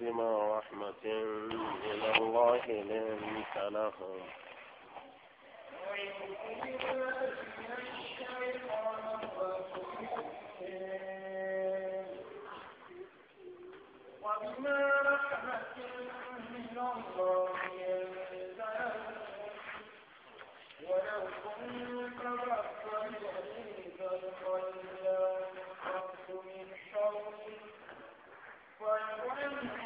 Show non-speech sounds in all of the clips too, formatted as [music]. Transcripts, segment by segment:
بما رحمة من الله لنت لهم وبما رحمة من الله ولو كنت ربا غليظ القلب فانت من حولك فانت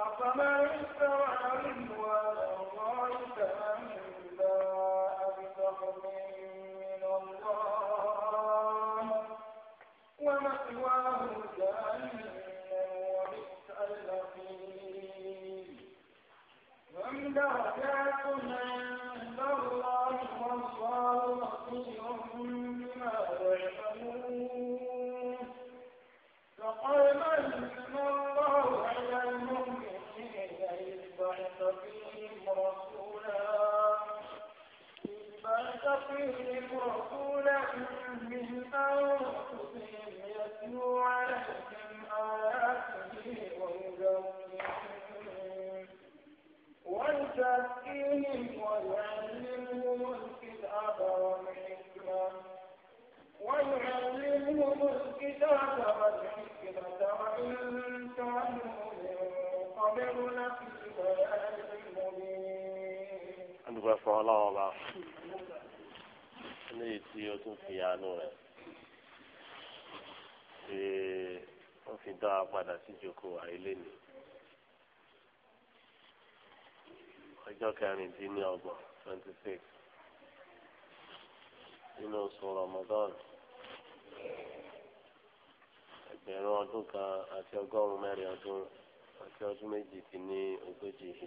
أفمن استوى رضوان الله كمن باء بسخط من الله ومأواه جهنم وبئس المصير هم درجات عند الله والله بصير بما يعملون فقال المتقين رسولا من أنفسهم يتلو عليهم آياته ويزكيهم ويزكيهم ويعلمهم الكتاب والحكمة ويعلمهم الكتاب والحكمة وإن كانوا من قبل لفي ضلال مبين. أنت méjì tí ó tún fi àánú rẹ̀ ṣe fi dá a padà sí ìjókòó àìlè ní ọjọ́ kẹrìndínlọ́gbọ̀n twenty six nínú oṣù Ramadan ẹgbẹ̀rún ọdún kan àti ọgọ́rùn-ún mẹ́rin ọdún àti ọdún méjì dín ní ogójì i.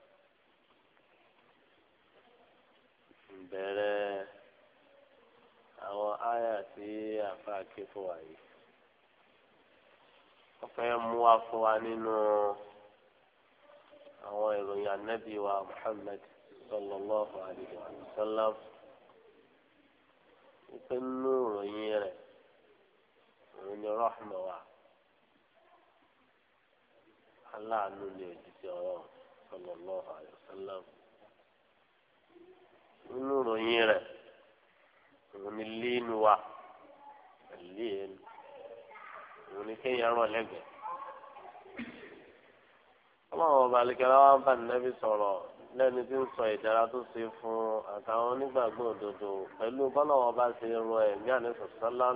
bẹ̀rẹ̀ àwọn aya tí àfa ké fún wa yìí wọ́n fẹ́ mú wa fún wa nínú àwọn ìròyìn ànábì wa Muhammad sallallahu alayhi wa sallam wípé nínú ìròyìn rẹ̀ òun ni rahma wa aláàánú ni òjijì ọ̀rọ̀ sallallahu alayhi wa sallam. nínú ìròyìn rẹ̀ òun ni líìnù wa líìnù òun ni kéèyàn rọ̀ lẹ́gbẹ̀ẹ́. ọlọ́run ọba àlekẹ́lá wa ń bá nínú sọ̀rọ̀ lẹ́ni tí ń sọ ìdára tó ṣe fún àtàwọn onígbàgbọ́ òdodo pẹ̀lú bọ́lọ́wọ́ bá ṣe rọ ẹ̀mí àníṣe sọ́lán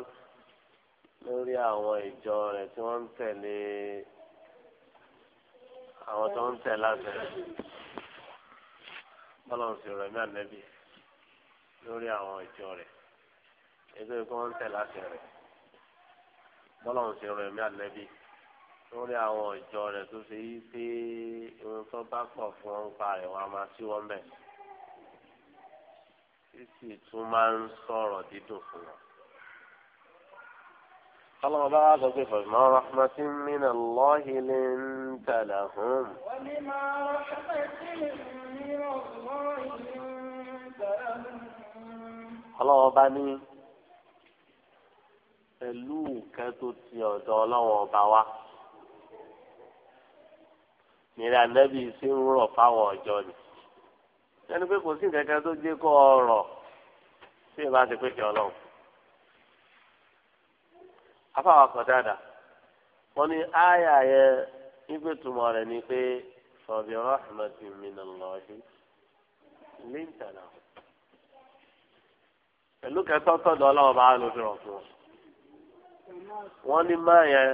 lórí àwọn ìjọ rẹ̀ tí wọ́n ń tẹ̀lé àwọn tó ń tẹ̀ láti rẹ̀ bọ́lọ́wọ́ sì rọ ẹ̀mí ànẹ́bí lórí àwọn ìjọ rẹ̀ ẹgbẹ́ kí ń tẹ̀ láti rẹ̀ bọ́lá ń ṣe mí àlẹ́bí lórí àwọn ìjọ rẹ̀ tó ṣe yí pé ohun tó bá pọ̀ fún wọn pa rẹ̀ wọn a máa sí wọn bẹ̀ sísì tún máa ń sọ̀rọ̀ dídùn fún wọn. قالوا بعض فما رحمة من الله لنت لهم وبما رحمة من الله لنت لهم ọlọ́wọ́ bá ní pẹ̀lú nǹkan tó ti ọ̀dọ̀ ọlọ́wọ́ ọba wa nira nẹ́bí sí ń rọ̀ fáwọn ọjọ́ ni ẹni pé kò sí nǹkan tó dé kó ọrọ̀ tí ìbá ti pèsè afáwọn kan dáadáa wọn ní nígbè túmọ̀ rẹ̀ ni pé pẹ̀lú kẹtọ́tọ́ dọ́ ọlọ́wọ́ bá lò fi hàn fún wọn. wọ́n ní má yẹn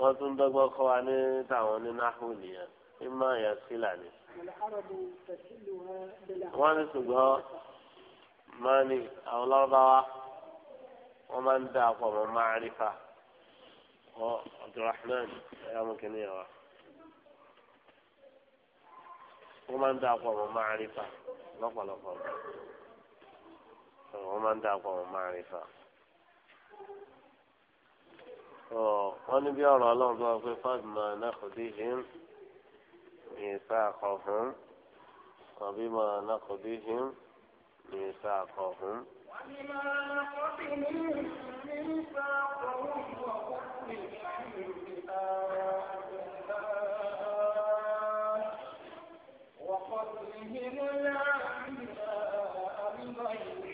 wọ́n tún dọ́gbọ́n kọ́ wa ní táwọn ní náhù nìyẹn ní má yẹn sílà ni. wọ́n ní ṣùgbọ́n máa ní àwọn lọ́rọ́báwá wọ́n máa ń dá àpọ̀ mọ́ máàrífà ọ abdulrahman ẹ̀yà mọ̀kìnní yẹn wa. wọ́n máa ń dá àpọ̀ mọ́ máàrífà lọ́pọ̀lọpọ̀ wọ́n máa ń dà pọ̀ máa rìn fà. wọ́n ní bí ọ̀rọ̀ ọlọ́run bá pé fáàdùmọ̀ nàkùdí hìm ìsà àkọ́hún tàbí mọ̀ nàkùdí hìm ìsà àkọ́hún. Thank you.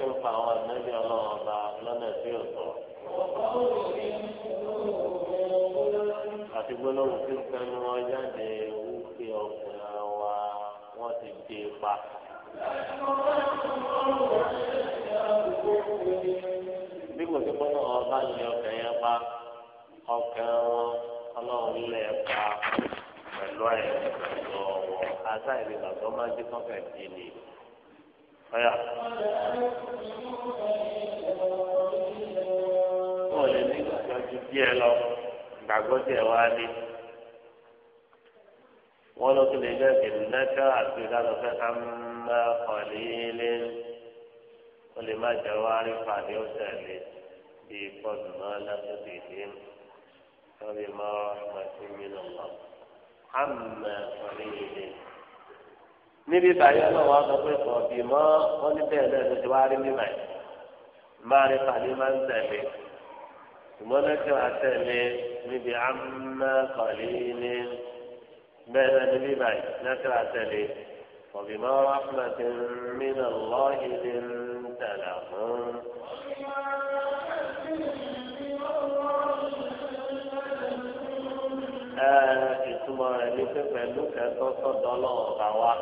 tí ń pa àwọn ẹ̀mẹ́bí ọlọ́run ọba lọ́nà tí ò àti gbólóhùn tí ń tẹnu wọn jáde wípé ọkùnrin wa wọ́n ti dé e pa. bí kò sí pọ́nà ọba ní ọkàn yẹn pa ọkàn wọn ọlọ́run lẹ̀ pa pẹ̀lú ẹ̀ pẹ̀lú ọ̀wọ́ àtàìlè bàbá máa kọ́kẹ́ sí ni ọ̀yà. wọ́n lè ní ìgbàgbọ́ ju díẹ̀ lọ ìgbàgbọ́ díẹ̀ wá ní. wọ́n ló tún lè jẹ́ ìdúnáṣẹ́ àti ìdálọ́fẹ́ àmà ọ̀lẹ́lẹ́ wọ́n lè má jẹ́ wá rí pàdé ọ̀sẹ̀ lè bí pọ́ọ̀dù náà lásìkò ìdí wọ́n lè má ọ̀rọ̀ àti mílíọ̀nù àmà ọ̀lẹ́lẹ́. níbi sọ pé ọlọ́wọ́ sọ pé kò bí mọ́ wọ́n ní bẹ́ẹ̀ náà ló ti wá rí mi báyìí máa rí pàdé máa ń tẹ̀lé ṣùgbọ́n lẹ́kẹ́ wa tẹ̀lé níbi àmà kọ̀lí ní bẹ́ẹ̀ náà níbi báyìí lẹ́kẹ́ wa tẹ̀lé kò bí mọ́ rahmatin min Allahi n tẹ̀lé fún. ìtumọ̀ rẹ̀ ní pé pẹ̀lú kẹ́tọ́ sọ́dọ̀ ọlọ́run bá wa.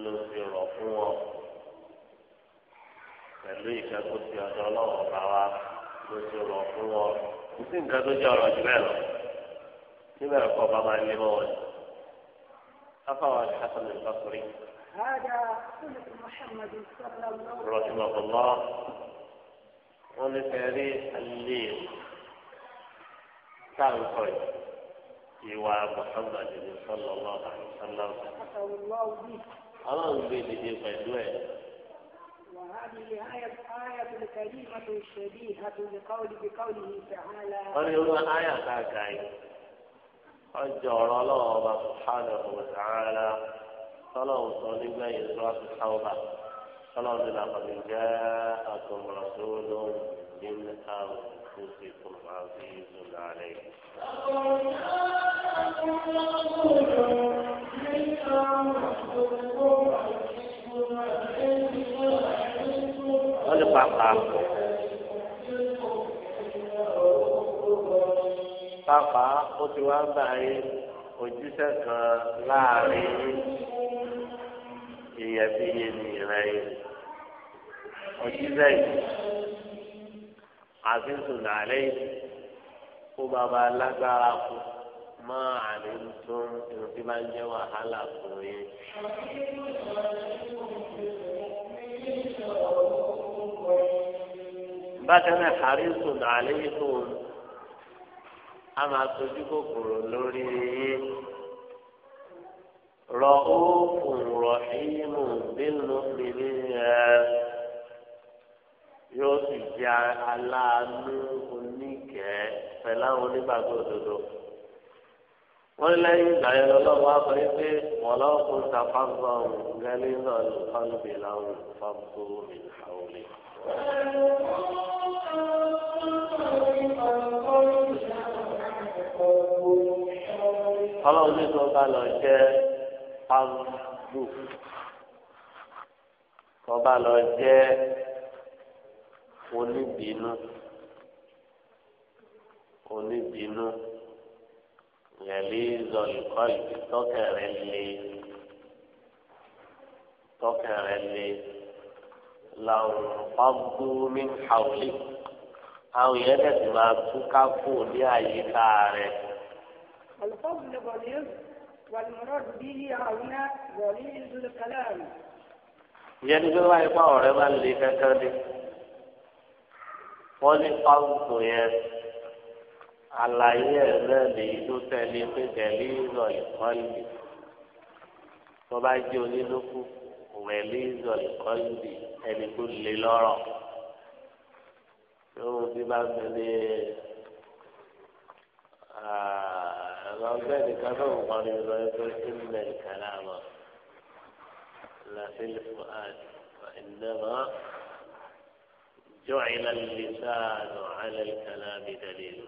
ló fi rọ̀ fún wọn pẹ̀lú ìkẹ́kọ̀ọ́ ti ọ̀dọ̀ ọlọ́run bá wa ló fi rọ̀ fún wọn kò sí nǹkan tó jẹ́ ọ̀rọ̀ jù bẹ́ẹ̀ lọ níbẹ̀ ẹ̀kọ́ bá máa lé mọ́ wọn. afáwọn ìkásọ̀nù ìbákùrí. rọ̀ṣùmọ̀kùnmọ́ wọn ní fẹ́ rí alẹ́ إيواء محمد صلى الله عليه وسلم ọlọ́run gbé dìde pẹ̀lú ẹ̀. wọ́n ní olú àyà káàkà yìí ọjọ́ ọ̀rọ̀ ọlọ́run ọba sùhánà ọ̀sánà tọ́lọ́run sọ nígbà yìí sọ́ọ́ sí sáwọ́bà tọ́lọ́run ní làkọ̀dé jẹ́ àtọ̀mọ̀rọ̀sọ́ lóhùn nínú àwọn òkúté fún àwọn ìṣúná rẹ̀ wọ́n lè pàápàá pàápàá ó ti wá báyìí ojúṣe kan láàrin ìyẹ̀bíyẹ nìyẹn yìí ojúṣe yìí àfihàn àlẹ́ yìí kó bàbá lágbára fún máa àléntún irun tí bá ń jẹ́ wàhálà fún yín. bákan náà àrísùn àléntún a máa sojú kòkòrò lórí yín. رؤوف رحيم بالمؤمنين yóò sì jẹ́ aláàánú oníkẹ́ pẹ̀lú àwọn onígbàgbọ́ òdodo wọ́n lẹ́yìn ìgbà yẹn lọ́wọ́ wá sọ pé mọ̀lọ́kùn tàfàgbọ́n gẹ́lẹ́ náà ló fọ́nù bí láwùn fọ́nù mi àwọn olè. ọlọ́run ní sọ bá lọ jẹ́ pàǹdù sọ bá lọ jẹ́ oníbínú oníbínú. غليظ القلب تكر اللي تكر اللي لو انفضوا من حولك أو يدك ما تكفوا لأي كاره الفضل غليظ والمراد به هنا غليظ الكلام يعني bí wàá ipá ọ̀rẹ́ máa ń le kankan ni wọ́n ní pàǹtò yẹn àlàyé ẹ̀ náà lèyí tó tẹ̀lé pé tẹ̀lé ìzọ̀ ìkọ́lùbì tó bá jẹ́ onílùkù wẹ̀lé ìzọ̀ ìkọ́lùbì ẹni tó lè lọ́rọ̀ tó bí bá gbélé ọgbẹ́ nìkan tó ń kọrin lọ pé ìmùlẹ̀ nìkan náà mọ̀ làfẹ́ lẹ́fọ́ àti ìnáwó. جعل اللسان على الكلام دليل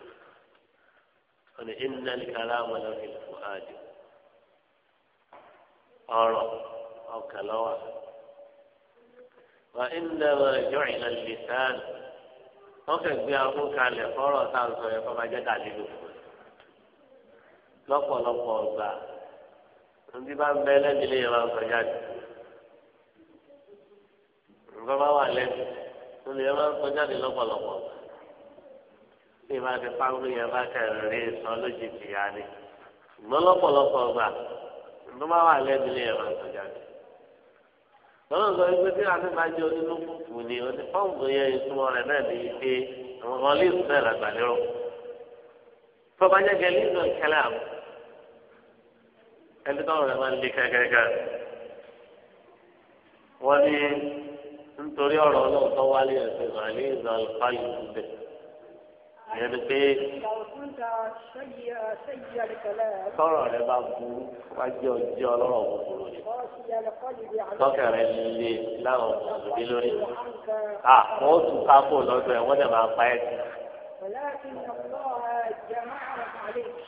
wọn ni inna kalama la fil fuadi ọ̀rọ̀ ọkàn lọwọ wa inna ma ju'ila al wọn gbé fọrọ a sọ yẹ kó máa jẹ dàlílù lọ́pọ̀lọpọ̀ ọgbà ndí bá ń bẹ lẹbi lè máa jáde nǹkan bá wà máa sọ jáde ọgbà. bí ìbá ti pàrọ̀ yẹn bá kẹrin rí sọ lójijì yá ni ṣùgbọ́n lọ́pọ̀lọpọ̀ gbà ló máa wà lẹ́nu ilé ẹ̀rọ ìtọ́jà ni. lọ́nà sọ wípé tí a ti máa jẹ onínú fùfù ni onífọ́ǹgù yẹn ìtumọ̀ rẹ̀ náà ní ike àwọn kan lè sùn náà làgbà lérò. tọ́ba jẹ́ gẹ́lí ìlú ìkẹlẹ́ àmọ́ ẹni tọ́rọ wọ́n ní nítorí ọ̀rọ̀ ọlọ́ọ̀tọ́ wálé ẹ̀sìn màálí ìzọ̀ àlùfáà yìí ìyẹn ni pé sọ̀rọ̀ rẹ bá burú wá jẹ́ ọjọ́ búburú ni tọ́kẹ̀ rẹ lè láwọn mùsùlùmí lórí à wọ́n tún kápò lọ́dọ̀ ẹ̀ wọ́n dẹ̀ máa pa ẹ̀ sí.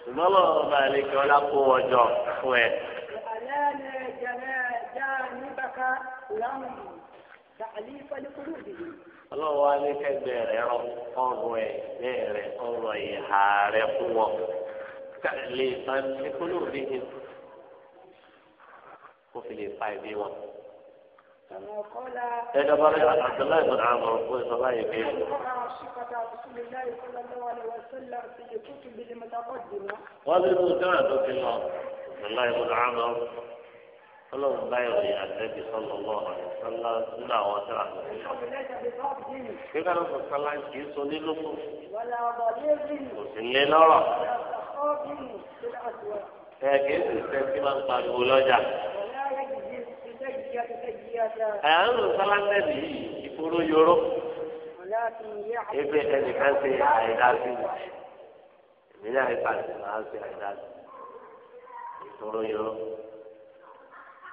ṣùgbọ́n lọ́wọ́ ọba àlejò ọlá kó ọjọ́ fún ẹ. تعليف لقلوبهم ọlọ́run wá ní kẹgbẹ́ rẹ ọrùn ẹ̀gbẹ́ rẹ ọrùn ìhà rẹ fún wọn lè fa ní kólóòrùn níhìn kó fi lè fa ìdí wọn. ẹ̀dá bá rẹ̀ àtàlá ìbọn àmọ̀ fún ìsọ̀lá ìbí. wọ́n lè mú ìjọba tó fi lọ ìsọ̀lá ìbọn àmọ̀. ọlọ́run bá ìròyìn àtẹ́bí sọ́lọ́ lọ́wọ́ sọ́lá nínú àwọn tó àgbà nígbà tó sọ sọ́lá kì í so nínú kù kò sí lé lọ́rọ̀ ẹ kì í sì sẹ́ sí máa ń pariwo lọ́jà. ẹ ń lò sọ́lá tẹ̀lé ìkóró yoró ebe ẹnìkan ṣe àìdá sí i èmi náà ń pàṣẹ máa àìdá sí i ìkóró yoró.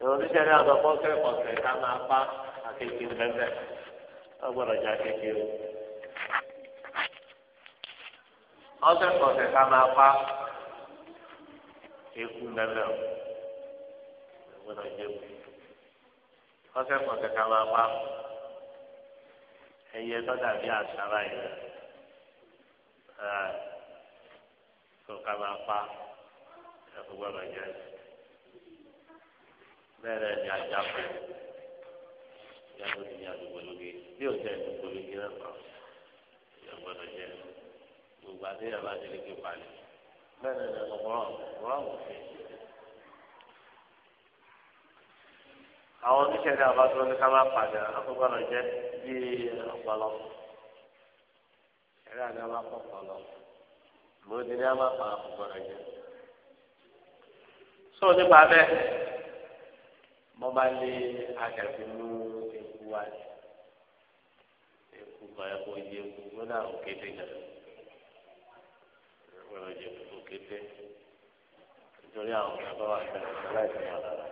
ìròyìn ìṣẹ̀lẹ̀ àgbàpọ̀ kẹ́kọ̀ọ́sẹ̀ ká máa pa akékeré lẹ́sẹ̀ ọgbọ́dọ̀ jẹ́ akékeré. ọ̀sẹ̀kọ̀ọ̀sẹ̀ ká máa pa eku lẹ́lẹ̀ o ìgbọ́dọ̀ jẹ́ eku ọ̀sẹ̀kọ̀ọ̀sẹ̀ ká máa pa ẹyẹ tọ́jà bí àṣàrà yìí tó ká máa pa ẹ̀fọ́ gbọ́dọ̀ jẹ́ eku. bẹ́ẹ̀ ni ajá pẹ̀ ya ti ní àdúgbò lóge bí ó jẹ́ àdúgbò lóge náà lọ jẹ́ gbogbo àdéhùn bá délé ké palẹ̀ bẹ́ẹ̀ ni ọ̀rọ̀ ọ̀rọ̀ òfin. àwọn oníṣẹ́ni ní ká àkókò lọ jẹ́ bí ọ̀pọ̀lọ àná pọ̀ pọ̀lọ ní àkókò lọ jẹ́. sọ nípa bẹ́ẹ̀. mo bá lé agàfi mú eku wa ni eku kọ ẹkọ yẹ eku gbọdọ òkété gà gbọdọ yẹ eku òkété nítorí àwọn ọmọ ẹgbẹ́ wa fẹ́ẹ̀ láìsí wọn lára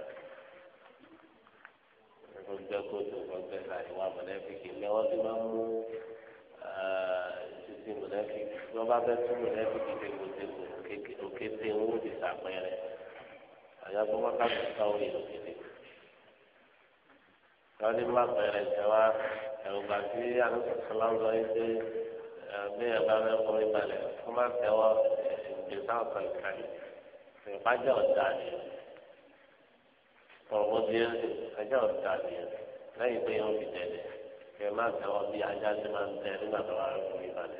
ẹgbẹ́ gbẹ kótó wọn gbẹ láì wá mọlẹfìkì lẹwọ tí wọn mú títí mọlẹfìkì tí wọn bá fẹ́ẹ̀ tún mọlẹfìkì tẹgbọtẹgbọ òkété wọn ò ti sàpẹrẹ àyàfọwọ́ká mi ká òye òkété lọ́dí má bẹ̀rẹ̀ jẹ́ wá ẹ̀rùgbà tí alùpùpùpùlá ń lọ yí pé bí ẹ̀bá rẹ̀ kọrin balẹ̀ kó má tẹ́wọ́ ìgbésà ọ̀sán ìkàlì ìpájọ́ ọ̀dà ni ọ̀rọ̀ bí ẹjọ́ ọ̀dà ni lẹ́yìn pé yóò fi tẹ̀lé kẹ má tẹ́wọ́ bí ajá ti máa ń tẹ nígbà tó wà rẹ̀ kọrin ìlànà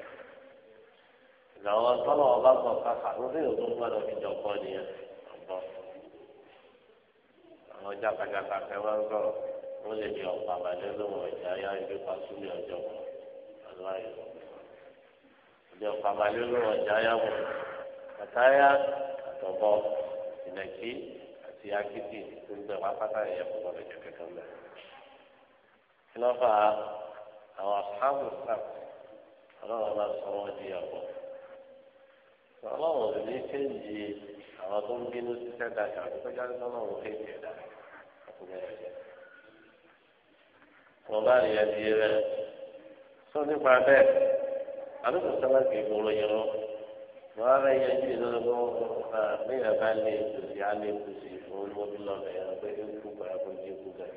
tọ́lọ̀ ọba kọ̀ káfà lórí òtún wọ́n lè ní ọ̀pá àbájá lọ́wọ́ ọ̀jà ayá ilé pasúlẹ̀ ọjọ́ kan aláì lọ. ọjọ́ ọ̀pá àbájá lọ́wọ́ ọjà ayá wọ̀ àtàyà àtọ̀bọ ìnàkí àti akíkì tó ń bẹ̀ wá pátá ẹ̀yẹ fún ọ̀rọ̀ ìjọ kẹ̀kẹ́ mẹ́. kí ló fà á àwọn àfáàmù sàp ọlọ́run bá sọ wọ́n di ọ̀pọ̀. ọlọ́run ò ní kéjì àwọn tó ń bínú sí sẹ́dá àti àkókò jáde lọ́lọ́run kéjì ẹ̀dá àkókò jáde wọn bá rí ẹbí rẹ sọ nípa bẹ́ẹ̀ àlùkò sábà kì í gbòòrò yẹn lọ wọn ah, bá yẹ ju ìdọ́dọ́ bọ́ ní ìyàbá lè tòsí alẹ́ tòsí fún olóbi lọ́bẹ̀ yẹn pé ó kú pẹ̀lú kó jí kú bẹ̀.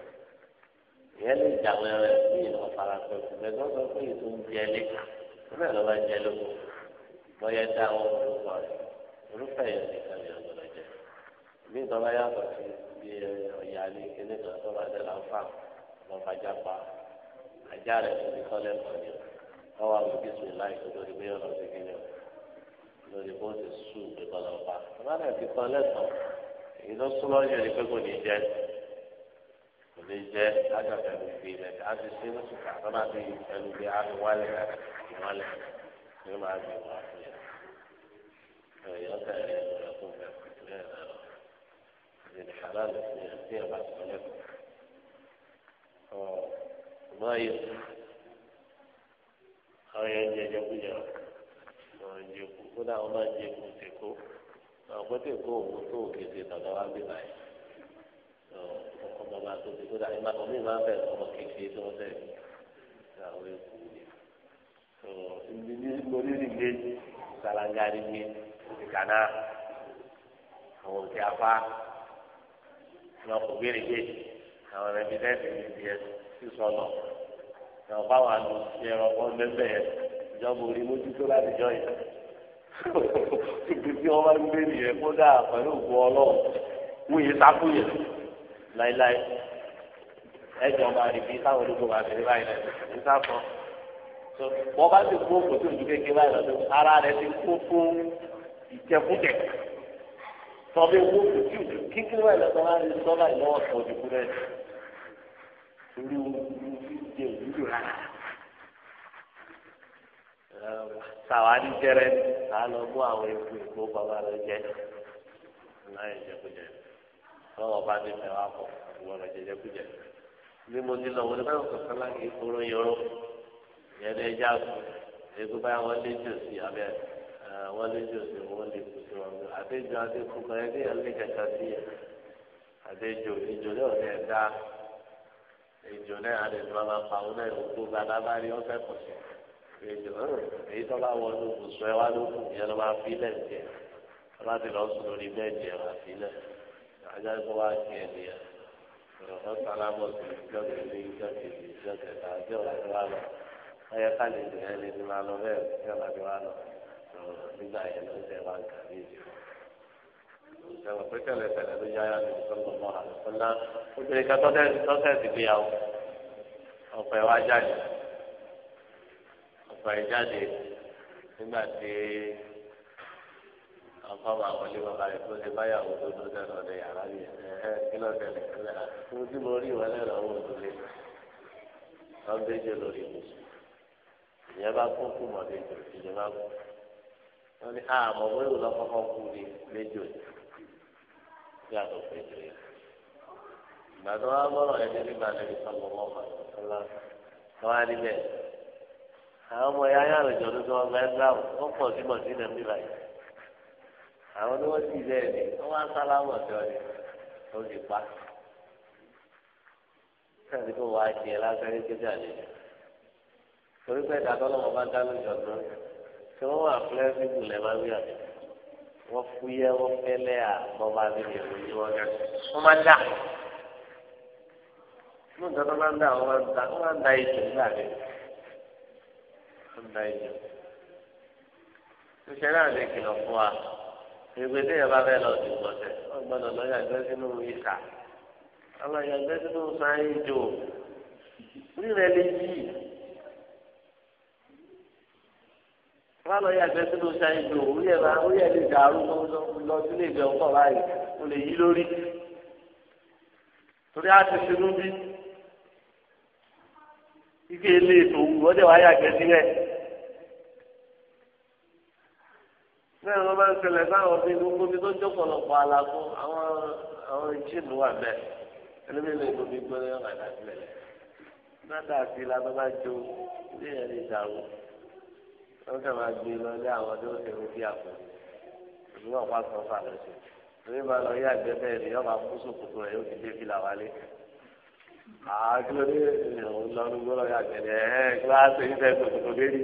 ìyẹn lè jà wẹ́rẹ́ bí ìlọ fara pẹ̀ fún mẹ́tọ́ sọ pé ètò ń jẹ lé bẹ́ẹ̀ lọ́ba jẹ lóko lọ́yẹ dá wọn orúkọ rẹ̀ orúkọ yẹn nìkan ni àgbọ̀dọ̀ jẹ. ìbí ìtọ́ba yàtọ̀ sí bí eh, ọ̀yà ní kíní lọ́fàjà pa ajá rẹ̀ tó ti tọ́lẹ̀ pọ̀ ní ọwọ́ àwọn òbí sùn láì tó lórí bí ọ̀nà ti gbé lọ lórí bó ti sùn pé kọ́lọ̀ pa ọba náà ti tọ́ lẹ́tọ̀ èyí ló súnmọ́ yẹn ni pé kò ní jẹ kò ní jẹ látàkà ló fi ilẹ̀ ká ti ṣe lóṣù ká tó bá ti ẹnu bí a fi wálẹ̀ ìwálẹ̀ ní máa fi wà fún yẹn ẹ̀yọ́ tẹ̀lé ẹ̀rọ tó bẹ̀rẹ̀ lẹ́yìn náà ìdílé ọmọ yìí àwọn yẹn jẹ jẹkújẹ wọn jẹ kú kódà wọn máa jẹ kú tèkó àwọn pété kó òun tó kéde tọ̀dọ̀ wá bí báyìí ọkọ bàbá tó ti kódà ìmọ̀ ọmọ mi máa ń bẹ̀ ọmọ kékeré tó ń bẹ̀ àwọn èkó yìí ìdí ní onídìgbé sàlàngàrí ní ìkànnà àwọn òkè afá wọn kò gbére gbé àwọn ẹbí lẹ́sìn níbi ẹ sísọ lọ ẹ̀rọ báwa lò sí ẹ̀rọ kan lẹ́sẹ̀ yẹn ìjọba orí mójú tó láti jọ yìí ibi tí wọ́n bá ń gbé nìyẹn kódà pẹ̀lú òkú ọlọ́run wọ́n yìí sákúnyẹ̀ láéláé ẹ̀jọ̀ ọba àdìbí táwọn olóko bá fi rí báyìí lẹ́sẹ̀ ní sáfọ́ wọ́n bá ti kó kòtò ìdúkẹ́kẹ́ báyìí lọ́dún ara rẹ̀ ti kó fún ìjẹkújẹ. tọ́lé owó fìtìw kíkiri wà lọ́sọ̀ máa ń sọ́lá ìlọ́wọ́ sọ̀dù kúrẹ́ torí ohun tí ó wúlò rárá. Sàwa ní jẹrẹ ká lọ mú àwọn epo ìgbó bàbá rẹ jẹ jẹkújẹ bá ìwọ rẹ jẹ jẹkújẹ. mo lọ wọlé láti ìkóró yọrọ ní jù sí wọ́n lójú òsì wọ́n lè kú sí wọn. àtẹ́jọ́ adékun kan ẹgbẹ́ yẹn lè kẹta sí yẹn àtẹ́jọ́ ìjọ náà ní ẹ̀dá ìjọ náà àdéhùn bàbá pàwọn náà gbogbo bàbá bá rí ọ́fẹ́ pọ̀ sí ìjọ èyí tó bá wọnú ibùsùn ẹ wá lókun ìyẹn ló máa fi lẹ̀ jẹ ọba ti lọ sùn lórí bẹ́ẹ̀dì ẹ̀ máa fi lẹ̀ ajá tó wá kí ẹ nìyẹn ọ̀sán sálámọ̀ ìjọ kejì nígbà yẹn ló ń tẹ wá nǹkan ní ìdí ìṣẹ̀wọ̀n pé tẹ́lẹ̀ tẹ́lẹ̀ ló yára ní ìṣọ́nà mọ́ àlùfọ́lá obìnrin kan tọ́tẹ́ ti ọ̀pọ̀ ẹ̀ wá jáde ọ̀pọ̀ ẹ̀ jáde nígbà tí rẹ̀ tó ṣe báyàwó tó tó tẹ̀ lọ́dẹ yàrá kí tẹ̀lé mo rí ìwọlé ìyẹn bá wọn ní ah, àmọ́ bóyá lọ kọ́kọ́ kú ni méjò yàtọ̀ péjọ yẹn ìgbà tó wá gbọ́dọ̀ ẹni nígbà lẹ́yìn sọ́mọ mọ́fà ọlá wọn á níbẹ̀ àwọn ọmọ yẹn ayáàrùn jọ ló tó wọn gbà ẹgbẹ́ àwọn wọn pọ̀ sí mọ̀tí náà níbà yìí àwọn ni wọ́n ti bẹ́ẹ̀ ni wọ́n wá sálámọ̀ sí ọ yẹn ó sì pa sẹ́ni kó wàá jẹ lásán ní kéde àlejò torí pé ìdádọ́lọ́wọ́ tí wọ́n wà fúlẹ́sìbù lẹ́ máa ń gbé àbí wọ́n fúyẹ́ wọ́n fẹ́lẹ́ àbọ̀bá bí lè wò ní wọ́n gẹ́gẹ́ wọ́n máa dà inú nǹkan tó máa ń dà wọ́n máa ń da wọ́n máa ń da ìjọ nígbà mi wọ́n da ìjọ ṣíṣe náà lè kìlọ̀ fún wa ìgbé tí yẹn bá fẹ́ lọ sí ìgbọ̀nsẹ̀ wọ́n gbọ́dọ̀ lọ yàgbẹ́ sínú ìta àwọn yàgbẹ́ sínú sáyé jò rírẹ̀ lè yí. wọn lọ yà gbẹ sínú sáyẹn ju òwú yẹ bá ó yẹ lè dàrú lọ sílé ìgbẹ ọkọ báyìí ó lè yí lórí torí a ti sinú bí ike ilé ètò òwú ọdẹ wàá yà gbẹ sílẹ̀ bẹ́ẹ̀ ló máa ń ṣẹlẹ̀ sáwọn ọbẹ inú gbóbi tó jókòlọpọ àlàfo àwọn àwọn ìjìnlú wà bẹ́ẹ̀ ẹlẹmìlẹ gbóbi gbọdọ yọ bàtà sílẹ̀ látàkì làbàbà jó ilé yẹn lè dàrú wọ́n kàn máa gbé lọ lé àwọn tó ń ṣe ojú àpò ìlú ọ̀pá kan fà lọ́sẹ̀ lórí bá lọ yá àgbẹ̀ bẹ́ẹ̀ ni ọba kó sòkòtò rẹ̀ yóò ti dé fìlà wálé. àádúródé ìrìn lọ́rùn gbọ́dọ̀ yá àgbẹ̀ rẹ̀ ẹ̀ kí wọ́n á ṣe nífẹ̀ẹ́ sòkòtò dérí.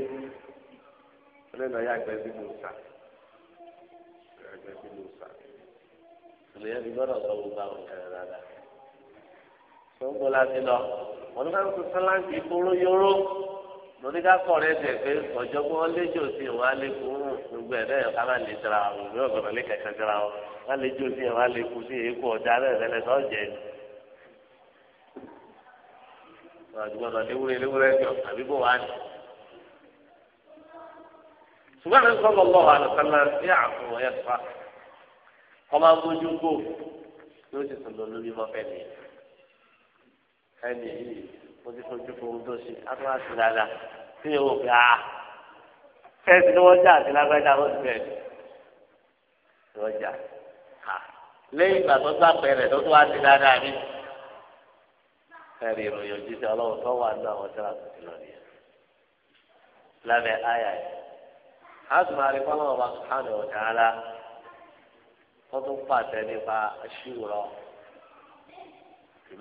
lórí lọ yá àgbẹ̀ sí mo sà àgbẹ̀ sí mo sà. ìlúyẹ́ ti gbọ́dọ̀ sọ gbogbo àwọn ìkàrẹ̀ dáadáa. sọ́ńgbó láti lọ wọn ní ká torí ká kọ̀ rẹ bẹ̀ pé ọ̀jọ̀gbọ́n ọlẹ́jọ́ sí wọn alẹ́kùn gbogbo ẹ̀ náà ká má lè tẹ̀ra àwọn òbí ọ̀gbọ̀n lè kẹ̀kẹ́ tẹ̀ra wọn wọn lè jó sí wọn alẹ́kùn sí èkó ọ̀dà náà rẹ̀ lẹ́sọ̀ jẹ́ ni. àdúgbò léwúrẹ́ léwúrẹ́ jọ àbí bò wá ní. ṣùgbọ́n ní sọ́dọ̀ lọ́wọ́ àlùkálá sí àfún ọ̀yẹ́ fa ọmọ agbójú gbò ló sì sọ̀rọ̀ lórí mọ́fẹ́ ẹni yìí mo ti fojú fo ohun tó ṣe àtúwà dáadáa tí yóò fi fẹ́ẹ̀sì ni ah, wọ́n jà àti lágbájá ló ti bẹ̀rẹ̀ ni wọ́n lẹ́yìn ìgbà tó gbà pẹ̀rẹ̀ tó tó wá sí dáadáa mi fẹ́ẹ̀rì ìròyìn òjíṣẹ́ ọlọ́run tó wà nínú àwọn tó ti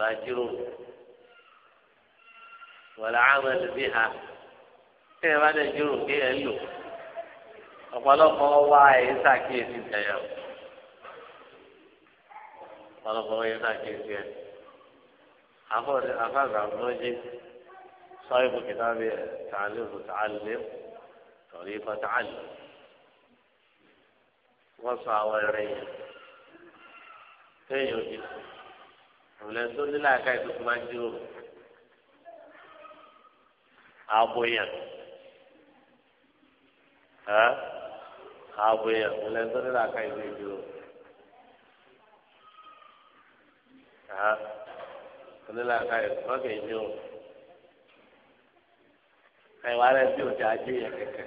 a wọlé àwọn ẹlẹbi ha kí ẹ bá dẹ jòrò kí ẹ lò ọ̀pọ̀lọpọ̀ wá ẹ ṣàkíyèsí tẹyà ọ̀pọ̀lọpọ̀ wá ẹ ṣàkíyèsí ẹ afọdà ọmọdé sọ ibùkún náà bí ẹ tààlẹ òkú tààlẹ torí ikọ tààlẹ wọ́n sọ àwọn ẹ̀rẹ́ yẹn téèyàn ti sùn tó nílẹ̀ àká ìdókòwò máa abo yẹn ẹ abo yẹn mo lẹ sọ nílò aka ìwé ju o ẹ mo nílò aka ìwé ọkẹ ìwé o ẹ wà lẹ bí ọjà ajé yẹn kẹkẹ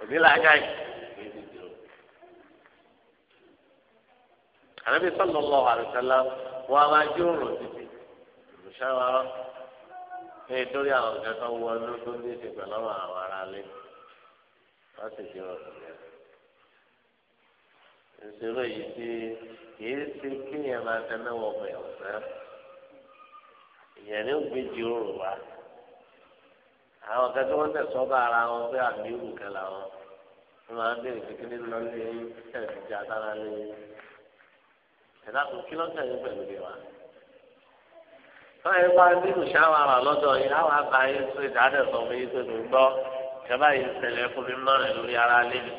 òní là aka ìwé ju o ànábi sọlọ lọ àlùsálà wọn a máa jó òrò títì òrùsálà nítorí àwọn ọ̀gá tó wọ ọdún tó ní ìsìn pẹ̀lú àwọn àwọn ará lé wọ́n sì jẹ́ ọ̀sán yẹn. ìṣòro yìí ti kìí ṣe kéèyàn máa tẹ́lẹ̀ wọ ọmọ ẹ̀wọ̀n ìyẹn ní ògbé jíròrò wa àwọn ọ̀gá tí wọ́n tẹ̀sọ́ bá ara wọn pé àmì ìwù kan làwọn wọ́n máa ń béèrè kékeré lọ lé tẹ̀síjà tára lé ẹ̀dá kò kí lọ́tẹ̀ yín pẹ̀lú ìwà wọ́n yẹ wá nínú ṣáwàrà lọ́dọ̀ yìí láwọn àbá yìí ṣe ìdádẹ́ sọ fún yìí tó ló gbọ́ ìjọba yìí ṣẹlẹ̀ fún mi mọ́rin lórí ara lé mi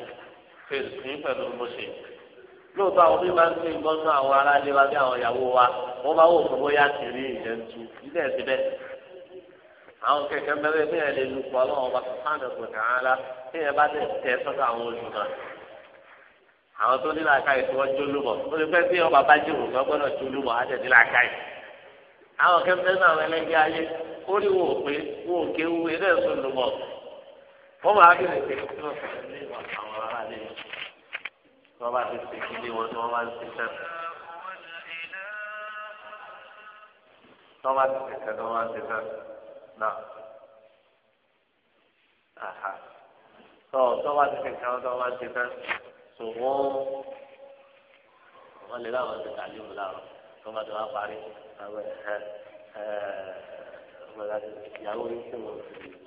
fèsì ní pẹ̀lú bó ṣe. lóòótọ́ àwọn bí máa ń gbé gbọ́nú àwọn ará lé wa bí àwọn ìyàwó wa wọ́n bá wò fún bóyá kì rí ìyẹn tu ilé ẹ̀sìn bẹ́ẹ̀. àwọn kẹ̀kẹ́ mẹ́rẹ́ bí ẹ̀ lè lu pọ̀ ọlọ́run bá tó sáǹdà tó ní làákàyè tí bí ọba bá tẹ̀ àwọn kẹfẹ náà wọn ẹlẹgbẹ́ ayé ó rí wò pé wò ké wú eré ẹsùn ló mọ wọn máa bí lèkè kí wọn fẹẹ ní ìwà àwọn ará lè ní wọn bá ti ṣe kí ni wọn ni wọn bá ń ṣe sẹ wọn bá ti ṣe sẹ ni wọn bá ń ṣe sẹ náà aha tọ tọ bá ti ṣe sẹ wọn bá ń ṣe sẹ sọ wọn lè láwọn ti tàlíwò láwọn. ثم توافق عليه ìyàwó ní tí wọn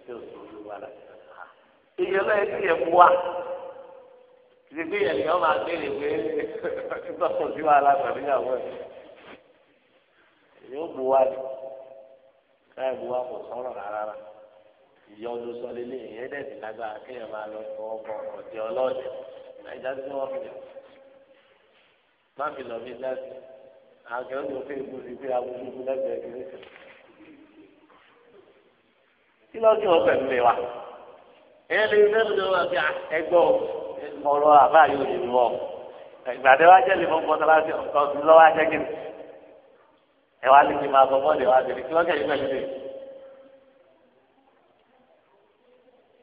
tí o sọ ojú wa la. iye lọ́yẹ̀ tí yẹ bu wa ti gbé yẹn yọ máa béèrè pé báwo sí wàhálà pẹ̀lú ìyàwó ẹ̀. yóò bu wa ni káyọ̀ bu wa kò sọ̀rọ̀ rárá ìyá ọdún sọ lélẹ̀ ìyẹn dẹ̀ lágbára kéèyàn máa lọ fọ ọmọ ọ̀dẹ̀ ọlọ́ọ̀dẹ̀ ìdájọ́ tí wọ́n fi lọ. má fi lọ bí dájú àgbẹ̀ ọ̀dọ̀ fún ìbú sí pé abúlé lẹ́gbẹ̀ẹ́ kìíní kan. kí ló kí wọn pẹ̀lú mi wa ẹ̀yẹ́ lè fẹ́ mi lọ́wọ́ àti ẹgbọ́ ọ̀rọ̀ àbá yóò lè wọ̀ ìgbàdé wa jẹ́ lè fọ́ mọ́tàlásì ọ̀tọ̀ sí lọ́wọ́ ajẹ́ kìíní ẹ wá lè ti máa bọ́ bọ́ọ̀lù wa bèrè kí wọ́n kẹ́yìn pẹ̀lú mi.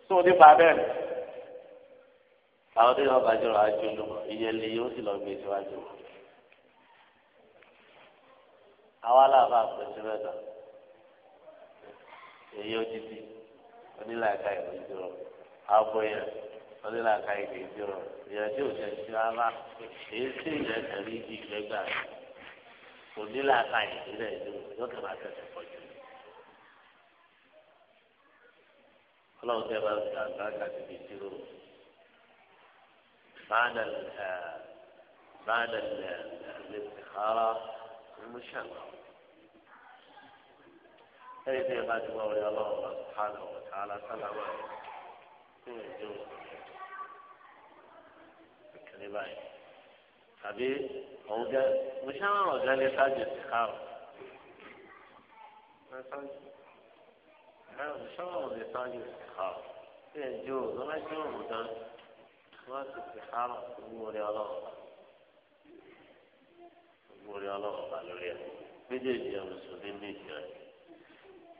tó nípa bẹ́ẹ̀ àwọn tó yẹ wọn bàjẹ́ rọ̀ àwa làbà àpèsè mẹ́ta èyí odidi onílàkà ìwé ìdúró abo yẹn onílàkà ìwé ìdúró ìyẹn tí òjò ti rárá èyí tí ìyẹn tẹ̀lé ibi ìgbẹ́gbà onílàkà ìwé ìdúró yóò tẹ̀ máa tẹ̀sẹ̀ pọ̀ jù. ọlọ́run tẹ́ bá ń ta àgbàkà ti fi ìdúró báńdà báńdà lè lè lè sèkárà. المشرع أي في الله مولى الله سبحانه وتعالى صلى الله عليه وسلم كلمة أبي هو مش أنا وجه لي حاجة استخارة الله مش أنا وجه حاجة استخارة في الجوز ولا جوز ما استخارة الله mo rí ọlọ́wọ́ bá lórí ẹ̀ méjèèjì ẹ̀ mùsùlùmí méjì ẹ̀.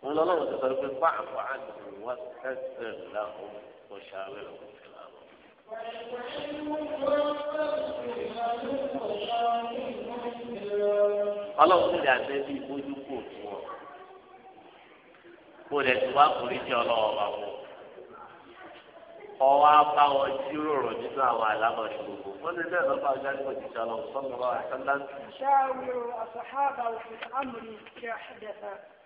wọn lọ lọ́wọ́ sọ pé fáàfù àdùn wá tẹ́sẹ̀ láwọn kò ṣàwé òkú fìlàmù. ọlọ́wọ́ sì lè àtẹ́ bí ìbójú kò fún ọ. mo lè tún wá kórìí jẹ́ ọlọ́wọ́ wọn ọwọ́ apá wọn jíròrò nínú àwọn àlámọ̀rí gbogbo. wọ́n lè bẹ́ẹ̀ lọ́pàá ọjà ní òjijì ọ̀nà sọ́nùmọ́ àtàlá.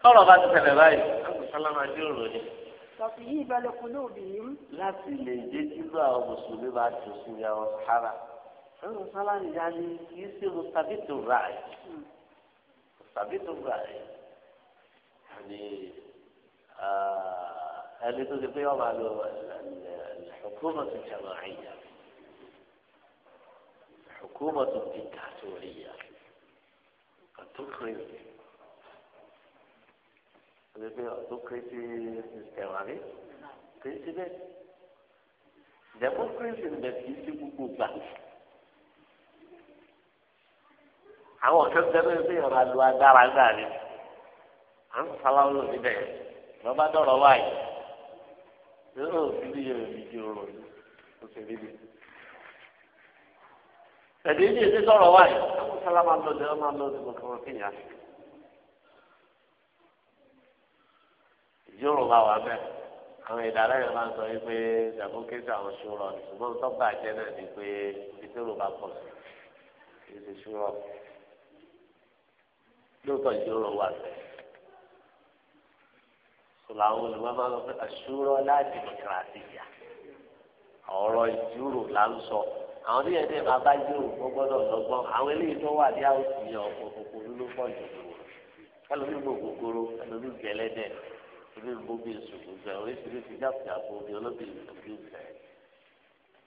tọ́rọ̀ bá ti tẹ̀lé báyìí àgùsọ́lá máa jíròrò ni. tọ̀fìyí ìbẹ̀lẹ̀ kúló bì í. láti lè jẹ́ jíjọ àwọn mùsùlùmí máa tún sí ní àwọn sàárà. àgùsọ́lá nìyá ni kì í ṣe mùsàbítù ráì. Hmm. حكومة جماعية حكومة دكتاتورية، قد تقرر autocracy system àbí president democracy ń bẹ kì í sí gbogbo gbà àwọn ọ̀kẹ́kẹ́ bẹ́ẹ̀ bí ọ̀rọ̀ àlù agbára gbà ni à ń faláwo níbẹ̀ lọ́ba dọ̀rọ̀ wáyé yóò fi ní yẹn mi di ọ̀rọ̀ yìí ó sì rí mi. ẹ̀dí ní èdè sọ̀rọ̀ wáyé akọ́sálá máa lọ sí ọ máa lọ sí gbogbo ọ̀rọ̀ kéèyàn. ìjíròrò máa wà bẹ́ẹ̀ àwọn ìdálẹ́yìn máa ń sọ wípé ìdàgbò kéésì àwọn ṣúrọ̀ ní ṣùgbọ́n tó bàjẹ́ náà ni pé ìṣòro bá pọ̀ sí kì í ṣe ṣúrọ̀ lóòótọ́ ìjíròrò wà bẹ́ẹ̀ sọláwó ni wọn máa ń lọ pé àṣúrọ láti dẹmọkìrátìyà ọ̀rọ̀ ìjírò là ń sọ àwọn tí yẹn ní ma bá jírò wọn gbọ́dọ̀ lọ́gbọ́n àwọn eléyìí tó wà ní àwòsí yẹn ọ̀pọ̀ kòkòrò ló pọ̀ jù ẹlòmíì gbò kòkòrò ẹlòmíì gẹlẹ́dẹ̀ ẹlòmíì gbò bí sùkú gbẹ oríṣiríṣi jáfùjáfù bí olóbìnrin sùkú gbẹ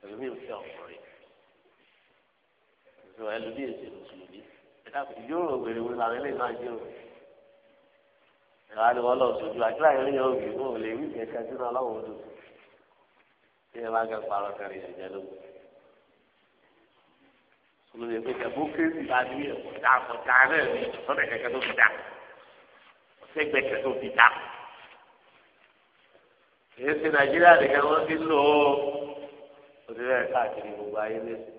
ẹlòmíì fẹ́ ọkùnrin ẹlòmíì sì mùsùlùmí ìjírò ìwà ni wọn lọ sojú àkílà yẹn yóò wí fún òun lè wí kẹ kẹ sínú ọlọ́wọ́ odò tí ẹ bá kẹ parọ́ kẹrì yẹn jẹ ló olùdè pé kẹfọ kéésì bá ní ẹkọta ọta náà ní ọsọdẹ kẹkẹ tó fi dá ọsẹgbẹ kẹkẹ tó fi dá èyí ti nàìjíríà nìkan wọn ti lò ó òdìrẹ káàkiri gbogbo ayé lẹsẹ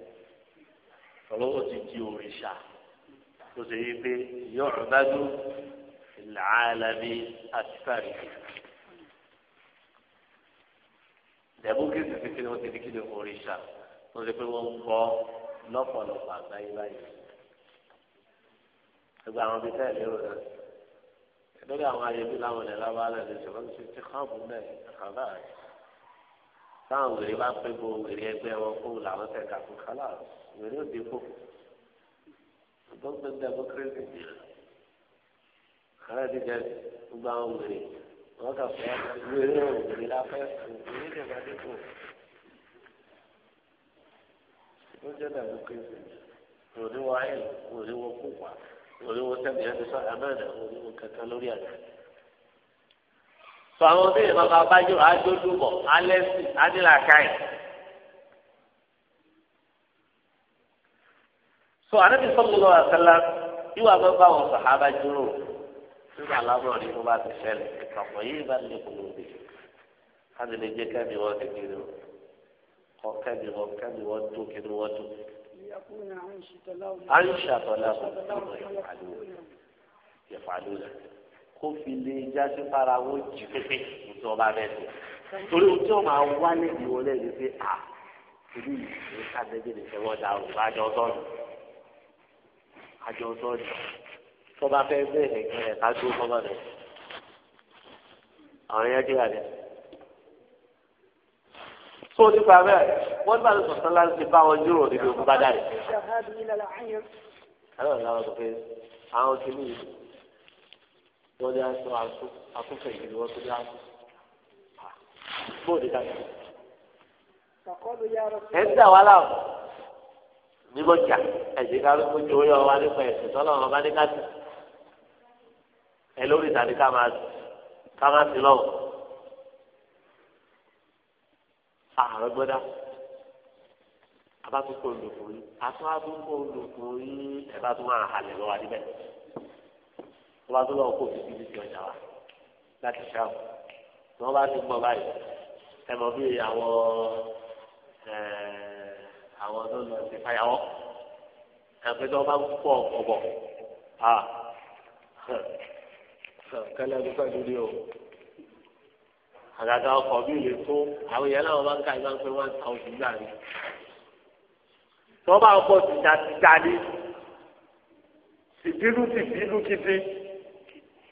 ọlọ́wọ́ ti di òrìṣà tó ṣe yí pé yọ̀ọ̀dájú. العالم أسفاره ده ممكن تفكر وانت تكيد أوريشا وتقول وانبا لفا لفا باي باي ẹgbẹ́ àwọn bíi tẹ́lẹ̀ lérò náà lórí àwọn ayébí láwọn ilẹ̀ lábáàlẹ̀ lè ṣòro ṣe ti káàbù náà kàlá rẹ̀ táwọn wèrè bá pé bo wèrè ẹgbẹ́ wọn kó làwọn tẹ̀ka fún kàlá rẹ̀ wèrè òde kó tó ń kérésì jìnnà àwọn ti jẹ gbogbo àwọn wèrè wọn kà fẹ wèrè wèrè láfẹ wèrè dẹgbà dẹkọ wọn jẹ dàbí kéwì wòlé wọ ayé wòlé wọ kópa wòlé wọ sẹbi ẹni sọ amẹnà wòlé wọ kankan lórí àná tọ àwọn tó yẹ bàbá abájọ adódúbọ alẹ sí adélàkàì. so anabi sọlọ lọ àtàlà ìwà bàbá àwọn sàhábà jùlọ sínú alábọ̀ ní mo bá ti ṣẹlẹ̀ ìkàpọ̀ yìí bá lè kúrò bí káàdì lè jẹ́ kẹ́mi wọ́n ti kiri o kọ́ kẹ́mi wọ́n kẹ́mi wọ́n tó kiri wọ́n tó. àyùṣà tọ́lá kò ìfàlú rẹ̀ kó fi lè jásí para wọn jí pépé nítorí ọba bẹ́ẹ̀ tó torí o tí o máa wá ní ìwọlé yìí pé a ìlú yìí ní kábẹ́jì ní ẹ̀wọ́n dà o àjọ sọ́ọ̀nù àjọ sọ́ọ̀nù tó bá fẹ́ gbé ẹ̀gbẹ́ ẹ̀ ká dúró fọ́mọ rẹ̀ àwọn yẹn kí àdé. tó nípa bẹ́ẹ̀ wọ́n nígbà tó sọ̀tàn láti fi bá wọn jíròrò níbi ogun bá dárẹ̀. alọ́ ìlànà tó fẹ́ àwọn kìíní yìí wọ́n ní aṣọ akúfẹ̀ yìí wọ́n tó ní aṣọ. bóòdì ká ẹ̀ ń dà wá láwọn nígbà jà ẹ̀jẹ̀ ká ló ń mójú oyè ọ̀wá nípa ẹ̀sìn tọ́lọ́wọ́n bá ní ká sí ẹ lórí tàbí ká máa ká máa sí lọ́wọ́ ààrẹ gbọ́dá abátúkọ olùkùnrin atúwádúkọ olùkùnrin ẹ bá tún máa halẹ̀ lọ́wọ́ adébẹ̀ wọ́n bá tún lọ́wọ́ kó fi bíbí ti ọjà wa láti ṣáàbù tí wọ́n bá ti gbọ́ báyìí ẹ mọ̀ bí àwọn àwọn tó lọ sí fàyàwọ́ ẹ pé tí wọ́n bá ń pọ̀ ọ̀bọ̀ kẹlẹ dúpẹ́ lórí o àgàgà ọkọ̀ mi lè tó àwọn èèyàn náà máa ń ka ìgbà pé one thousand náà ni tọ́ba ọkọ̀ tìjà tìjà ni tìbínú tìbínú kìdí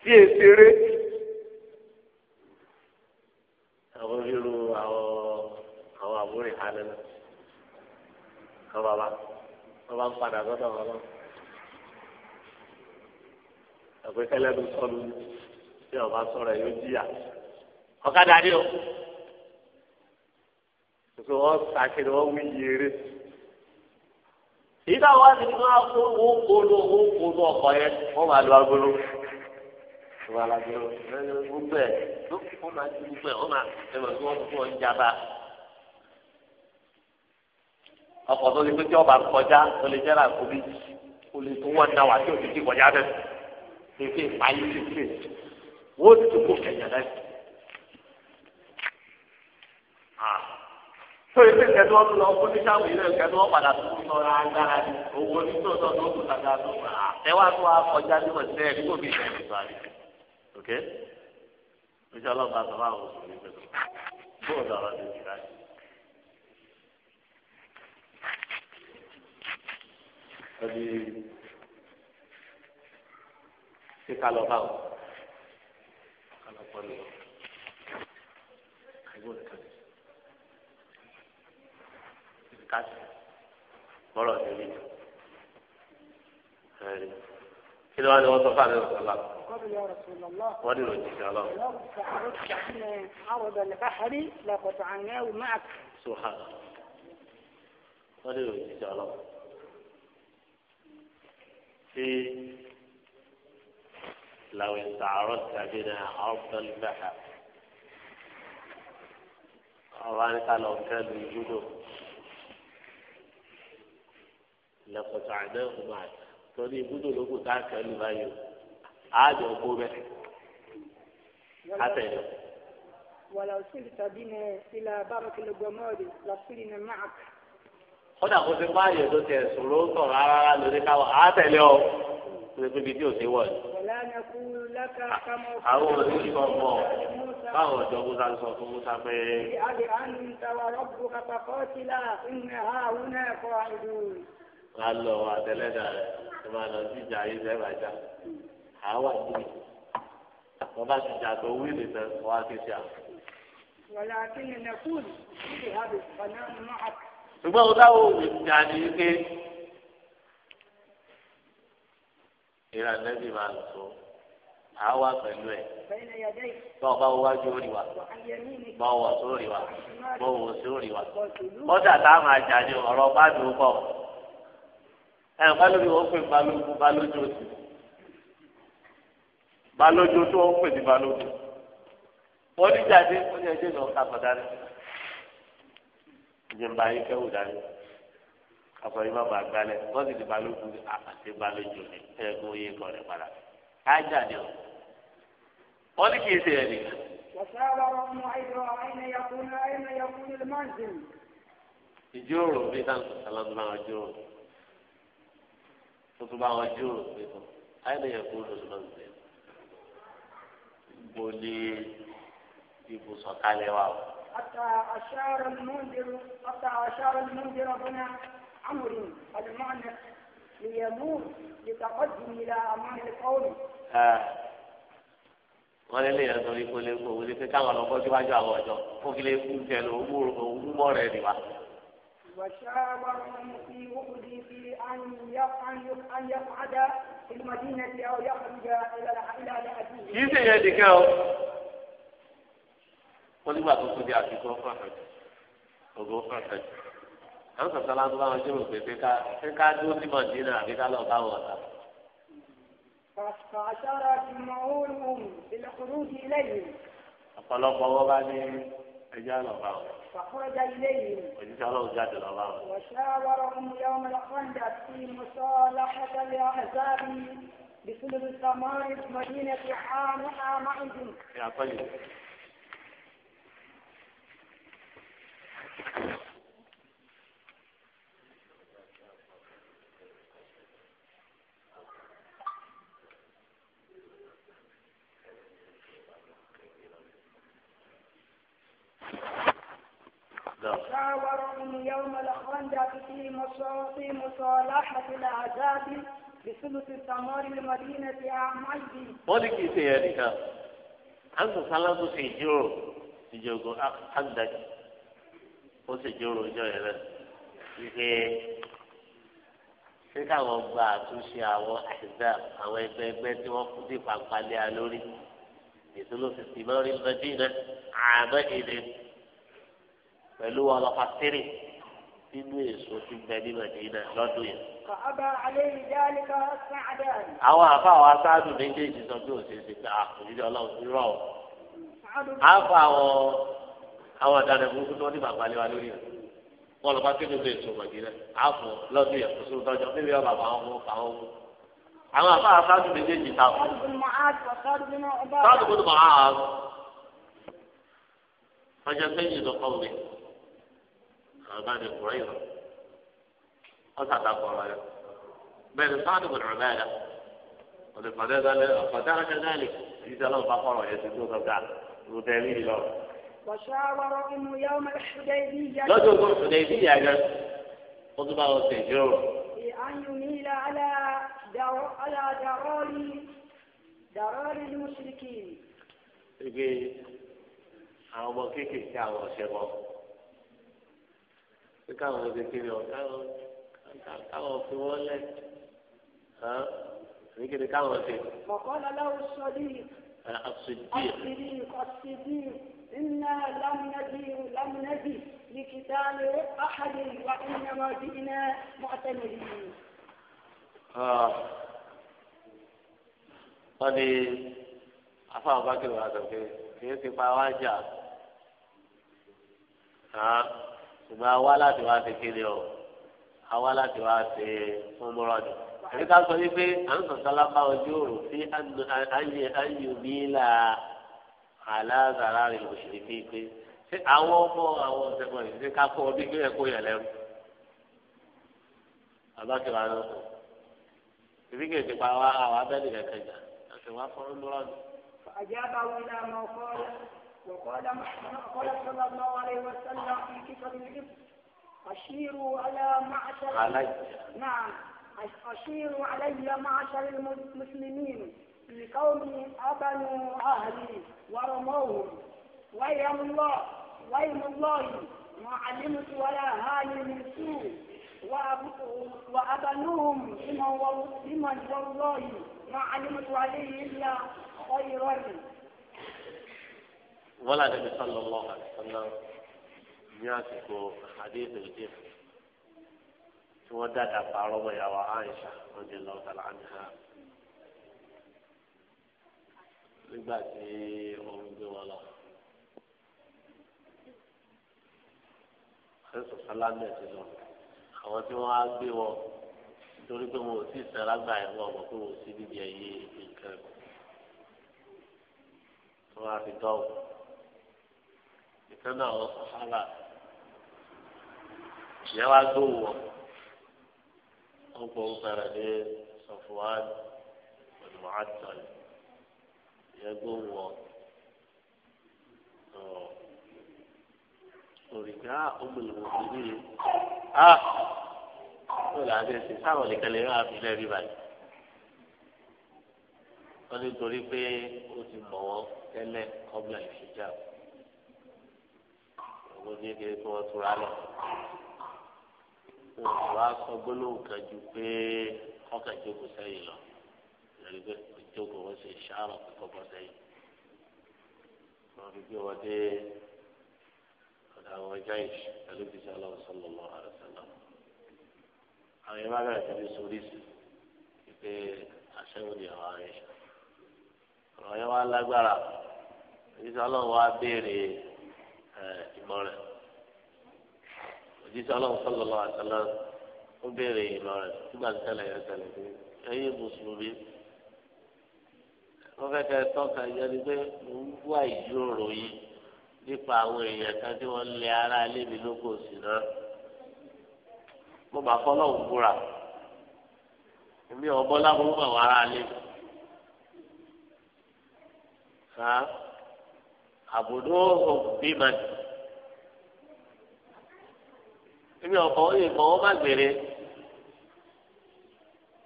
tí èsèré àwọn irú àwọn àwọn àbúrò ìhánilá àwọn bàbá wọn bá ń padà sọ́dọ̀ wọn náà àgbẹ̀kẹ́lẹ́ ló sọ̀rọ̀ tí ọba sọ̀rọ̀ yóò jìyà ọ̀kadà ni o tuntun wọn sàkiri wọn wí yéré èyí táwọn àti nínú akó owó kolo owó kolo ọkọ yẹn wọn máa lo agolo wọn máa lo agolo wọn máa di gbogbo wọn máa ẹ máa fi wọn fún ọkọ tó lè pé ọba kọjá tó lè jẹ́ làkúbí olè tó wọ́n náwó àti òtítì kọjá bẹ́ẹ̀ fífi ìpáyé fífi wọ́n ti tó kó kẹ̀yà lẹ́sìn. tó lọ fún ní sáwọn ìlú ẹkẹtù wọn padà tó kú lọrọ agbára ni owó ní tó tọ tó kù kàkà tó kù àtẹwà tó wà kọjá ní wọn sílẹ̀ kó bí ìṣẹ̀lẹ̀ tó àrí ok ìṣẹ ọlọ́pàá sọ fáwọn oṣù ní pẹ̀lú bóòlù ọ̀rọ̀ ti di láti. Thank you ṣé ká lọ báwo ká lọ pọ̀ lọ àìgbọ́n nìkan ní ibi ká sí bọ́lọ̀ nílé ẹ̀rí kí ló wá ní wọ́n sọ fún àmì ọ̀sán lọ. wọ́n ní ìròyìn ìjà lọ. sùhàn wọ́n ní ìròyìn ìjà lọ. ṣé. لو استعرضت بنا عرض البحر أوان قالوا كانوا يجدوا لقطعناه معك توني بدو لو كنت بايو عاد يقوم حتى يوم ولو سلت بنا إلى بارك الجمال لصلنا معك kódà kó ti máa yẹ tó tiẹ̀ sùn ló ń sọ̀rọ̀ pé pé bíi tí o ṣe wọ̀ ni. àwọn òní kan mọ̀ báwọn ọ̀jọ́ musa sọ fún musa pé. wàá lọ àtẹlẹ́dà rẹ̀ tó máa lọ sí ìjà yìí sẹ́ẹ̀ bàjá àwa níbi wọn bá ti jà tó wíìlì tẹ wọn á ké sí à. ṣùgbọ́n o dáwọ́ òwe ìjà ni pé. ìrà nẹ́bí máa lò tó àá wà pẹ̀lú ẹ̀ bá ọba wájú ó wa bá ọwọ́ tó wa bá ọwọ́ tó wa kọ́dà tá a máa ọ̀rọ̀ bá dùn pọ̀ ẹ̀ balóbi wọ́n pè balógun balójú balójú tó wọ́n pè ní balógun wọ́n ní jáde wọ́n ní ẹjẹ́ afọ yìí má bàa gbalẹ̀ wọ́n sì ti balógun ah, àti balógun ní ẹ̀gbọ́n yìí kọ́ rẹ̀ padà ájà ni ọ̀ wọ́n ní kí n ṣe ẹ̀ nìkan. ìjíròrò bí sáǹsì sálámù bá wọn jíròrò tó tún bá wọn jíròrò pé kọ́ ayélujára kó lóṣù náà ń bẹ̀rẹ̀ gbòòlì ibùsọ̀ kalẹ̀ wa. أتى أشار المنذر أتى أشار المنذر هنا أمر المعنى ليمون يتقدم إلى أمام القوم wọ́n lé lẹ́yìn ẹ̀sọ́ ikú lé kó wọlé pé káwọn lọ bọ́jú wájú àwọn ọ̀jọ́ fún kí lè kú jẹ lọ owó òun mọ́ rẹ̀ nìwá. وشاورهم في وجدي في أن أن يقعد في المدينة أو يخرج إلى إلى لأبيه. kì í ṣe yẹn nìkan o. wọ́n nígbà tó kó di àfikún fún àfẹ́jù ògùn fún àwọn sọ̀tàn láti bá wọn jẹ́wọ́ pé ká pé ká dúró sí mọ̀dínà àbí ká lọ báwọn ọ̀tá. ọ̀pọ̀lọpọ̀ wọn bá ní ẹjọ́ lọ bá wọn. òjíṣẹ́ ọlọ́run jáde lọ bá wọn. بسبب الثمار في مدينة حامحة معهم. يا طيب. في مصالحة العذاب بثلث ثمار المدينة أعمالي مالك يسيرك أنت صلاة سيجور سيجور أخندك وسيجور جوهرة wípé ṣé káwọn gba àtúnṣe àwọn àìsàn àwọn ẹgbẹ́ ẹgbẹ́ tí wọ́n kú sí pàpàlẹ́ alórí ètò ló fi sì mọ́rí mẹ́dínà àmọ́ èdè pẹ̀lú ọlọ́pàá tírì nínú èso tí ń bẹ ní Mẹdínà lọ́dún yẹn. àwọn àfa àwọn asáàdù méjèèjì sọ pé òṣèṣe pé àkùnrin Ọlọ́run ti rọ ọ. àfa àwọn àwọn ọ̀daràn burúkú tó ní bàbá léwa lórí rẹ̀ wọn lọ bá kí nínú èso Mẹdínà àfọ lọ́dún yẹn kò sóòtú níbi ọba àwọn ọmọ àwọn ọmọ. àwọn àfa asáàdù méjèèjì ta ọ. sáàdù bùnú ọba ní kùrẹ́ ìrọ̀ ọ̀sàtà kọ̀ọ̀rọ̀ yẹn bẹ́ẹ̀ ni sáà dùgbò nàrọ̀ báyà ọ̀dẹ̀fọ̀dẹ́ dálẹ́ ọ̀fọ̀dẹ́ rẹ̀ dálẹ́ èyí tí ọlọ́run bá kọ̀ọ̀rọ̀ yẹn ti tó sọ́kà rúdẹ̀ rí lọ. lọ́jọ́ ogun ṣùdẹ̀ ìbí ìyá gan ó tún bá wọn ṣe ìjíròrò. ìgbé àwọn ọmọ kéékèèké àwọn ọ̀ṣẹ́ wọn. pé káwọn ọdẹ kiri ọ káwọn káwọn fi wọn lẹ hàn ní kiri káwọn ṣe. lọ́lá ó sọ yìí. الصديق الصديق إنا لم نجي لم نجي لكتاب أحد وإنما جئنا معتمدين. wọ́n قال afa kiri wa sọ pé kìí ti pa wá jà ṣùgbọ́n àwa láti wá ṣe kéde o àwa láti wá ṣe fúnmọ́rọ́dù. àbí ká sọ wípé à ń sọ̀tọ́ lápá ojú òrò sí ayùmílà aláàzàrà rẹ̀ òṣèré pípé ṣé àwọn ọmọ àwọn ọ̀sẹ̀kọ̀ yìí ṣe ká kó ọdún gbé ẹ̀kọ́ yẹn lẹ́rú. bàbá ti wà lọ sọ ìbí kèké pa àwọn abẹ́lẹ̀ kẹ̀kẹ́ jà àti wà fọ́nmọ́rọ́dù. àjẹ́ bá wí lánàá fọ́ọ̀rọ̀. وقال قال صلى الله عليه وسلم في كتاب الحفظ أشيروا على معشر علي نعم أشيروا علي معشر المسلمين لقوم أبنوا أهلي ورموهم ويم الله ويم الله ما علمت ولا هاي من سوء وأبنوهم بمن والله ما علمت عليه إلا خيرا wọ́n làdé mi sọ́nà lọ́wọ́ àtúntò ní àsìkò àdéhùn ìdí tí wọ́n dáadáa pààrọ̀ mọ́ ìyàwó Aisha wọ́n jẹ́ lọ́wọ́ tàlà àníhà. nígbà tí wọ́n gbé wọn lọ. àìsàn sálámì ẹ̀ ti lọ àwọn tí wọ́n á gbé wọn torí pé wọn ò sí ìsẹ́lágbà ẹ̀ wọ́n mọ̀ pé wọn ò sí bíbí ẹ̀yìn nǹkan ẹ̀ wọ́n á fi dọ́wọ́ ìtọ́nà àwọn sàhábà ìyẹn wá gbówó wọn gbọ́ fẹ́rẹ̀ ní Safwan al-Mu'attal ìyẹn gbówó wọn òrìgá ọmọlùmọ̀bí ni a ó là á ṣe ṣe sáwọn nìkan lè fi lẹ́rí báyìí wọ́n ní torí pé ó ti mọ̀ wọ́n tẹ́lẹ̀ ọgbà ìṣèjà wọn ọmọ ní kí kí wọ́n tura lọ. Wọ́n á sọ gbólóhùn kan ju pé ọkàn jókòó sẹ́yìn lọ. Ìyàrí pé ìjókòó wọ́n ṣe ṣáàrọ̀ pípọ̀ bọ́ sẹ́yìn. Wọ́n fi gbé wọ́n dé ọ̀dà àwọn ọjà ìṣù pẹ̀lú bísí aláwọ̀ sọ́lọ̀ lọ́wọ́ àrẹ sọ́lọ̀. Àwọn yẹn bá bẹ̀rẹ̀ sí sórí sí i pé àṣẹ́wò ni àwọn àrẹ Ọ̀rọ̀ yẹn wá lágbára. Bísí aláwọ̀ wá béèrè ìmọ̀ràn òjíṣẹ́ ọlọ́run sọ́lọ́lọ́ àtàlà ó béèrè ìmọ̀ràn nígbà tí tẹ́lẹ̀ yẹn tẹ̀lé pé ẹ̀yin mùsùlùmí wọ́n fẹ́ kẹ́ tọ́ka ìyẹnì pé mo ń wá ìjíròrò yìí nípa àwọn èèyàn kan tí wọ́n lé ara lébi lóko sí náà mo bá fọ́ lọ́hùn búra èmi ọ̀bọ lábọ́ mọ́ àwọn ará lébi àbùdó òbímọ èmi ọkọ ìmọ̀ wọn bá gbére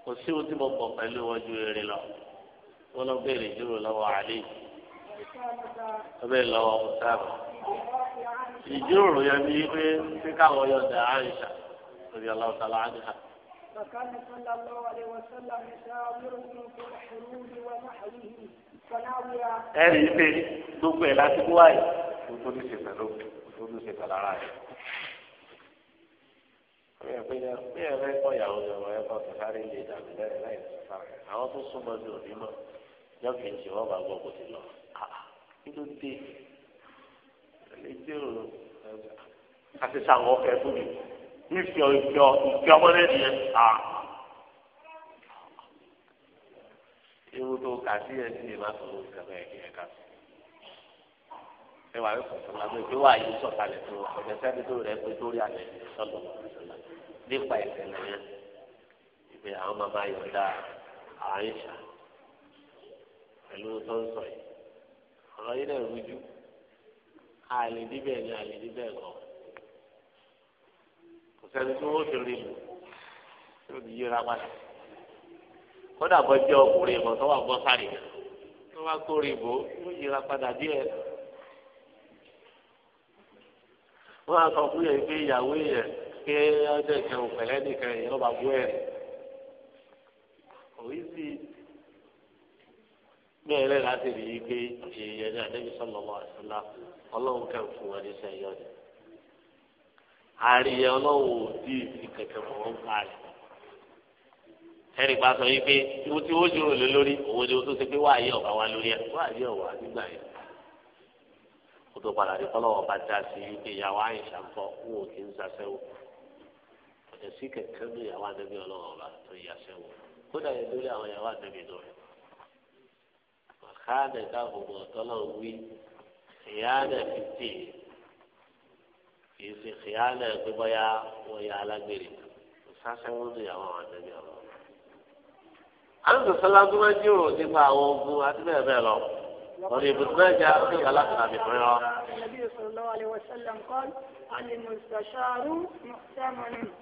kò sí ohun tí mo bọ̀ pẹ̀lú wọn ju eré lọ wọn lọ béèrè jùlọ lọ́wọ́ àlè wọn bẹ́ẹ̀ lọ́wọ́ mùsàlù ìjíròrò yẹn ní pé kí káwọn yọ̀ǹda àìsà lórí ọlọ́ọ̀tàlá àdìsà. فكان صلى الله عليه وسلم يسامرهم في الحروب ونحوه ẹ̀rí ilé gbogbo ẹ̀ láti kú wáyé kó tó ní ṣe pẹ̀lú kó tó ní ṣe pẹ̀lú ara bí ẹ bí ẹ fẹ́ kọ́ ìyàwó ìyàwó ẹ kọ́ sàkárì ilé ìdàgbé lẹ́rẹ̀ láì sàkárì àwọn tó súnmọ́ ní òní mọ̀ yóò fi jì wọ́n bá gbọ́ kó ti lọ. kí ló dé ẹ jẹ́ òun àti sàwọn ọkẹ́ fún mi ní ìfẹ́ ìfẹ́ ọmọdé nìyẹn. ewu tó kà sí ẹ ti lè má sọ lórí kẹfẹ ẹ kí ẹ wà lóko sọlá pé pé wàá yí sọ̀kalẹ̀ tó ọjọ́ sẹni tó rẹ pé tó rí alẹ́ sọlọ sọlá nípa ìṣẹ̀lẹ̀ yẹn ìpè àwọn máa máa yọ̀ǹda àwọn ìṣà pẹ̀lú tó ń sọ yìí ọ̀rọ̀ yìí náà rújú àlè díbẹ̀ ni àlè díbẹ̀ kọ̀ kódà bọ́ jẹ́ ọkùnrin mọ̀ tó wà bọ́ sáré tó bá kórè bò ó yíra padà díẹ̀. wọ́n á sọ fún yẹn pé ìyàwó pé ọjọ́ pẹ̀lẹ́ nìkan yẹn ọba bú ẹ̀rì. òwe sì bẹ́ẹ̀ lẹ́yìn láti rí i pé èèyàn ní àdébí sọ́lọ́mọ àṣìlá ọlọ́run kẹ́ fún wọn ní àríyẹ ọlọ́run ò kẹ̀kẹ́ ẹnì kan sọ yìí pé ibi tí ó jòrò lé lórí òun ni o tó ṣe pé wáyé ọba wa lórí ẹ wáyé ọwà nígbà yẹn kó tó padà dé kọ́lọ́wọ́ bá dá sí i pé ìyàwó àyíṣà ń kọ́ wò ó kí ń ṣàṣẹ́wò kò sí kẹ̀kẹ́ ní ìyàwó àdébí ọlọ́wọ́ ọba tó yà ṣẹ́wò kódà yẹn lórí àwọn ìyàwó àdébí tó rẹ̀ káàdì dáàbòbò ọ̀tọ́lọ́run wí ìyáàdà fìtì kì í ṣe ìyáàdà pé bọ́yá àwọn sọlá tó máa ń jíròrò nípa àwọn ogun àti bẹ́ẹ̀ bẹ́ẹ̀ lọ wọ́n ibùdó náà já ó yà láti nàbì fún yọ.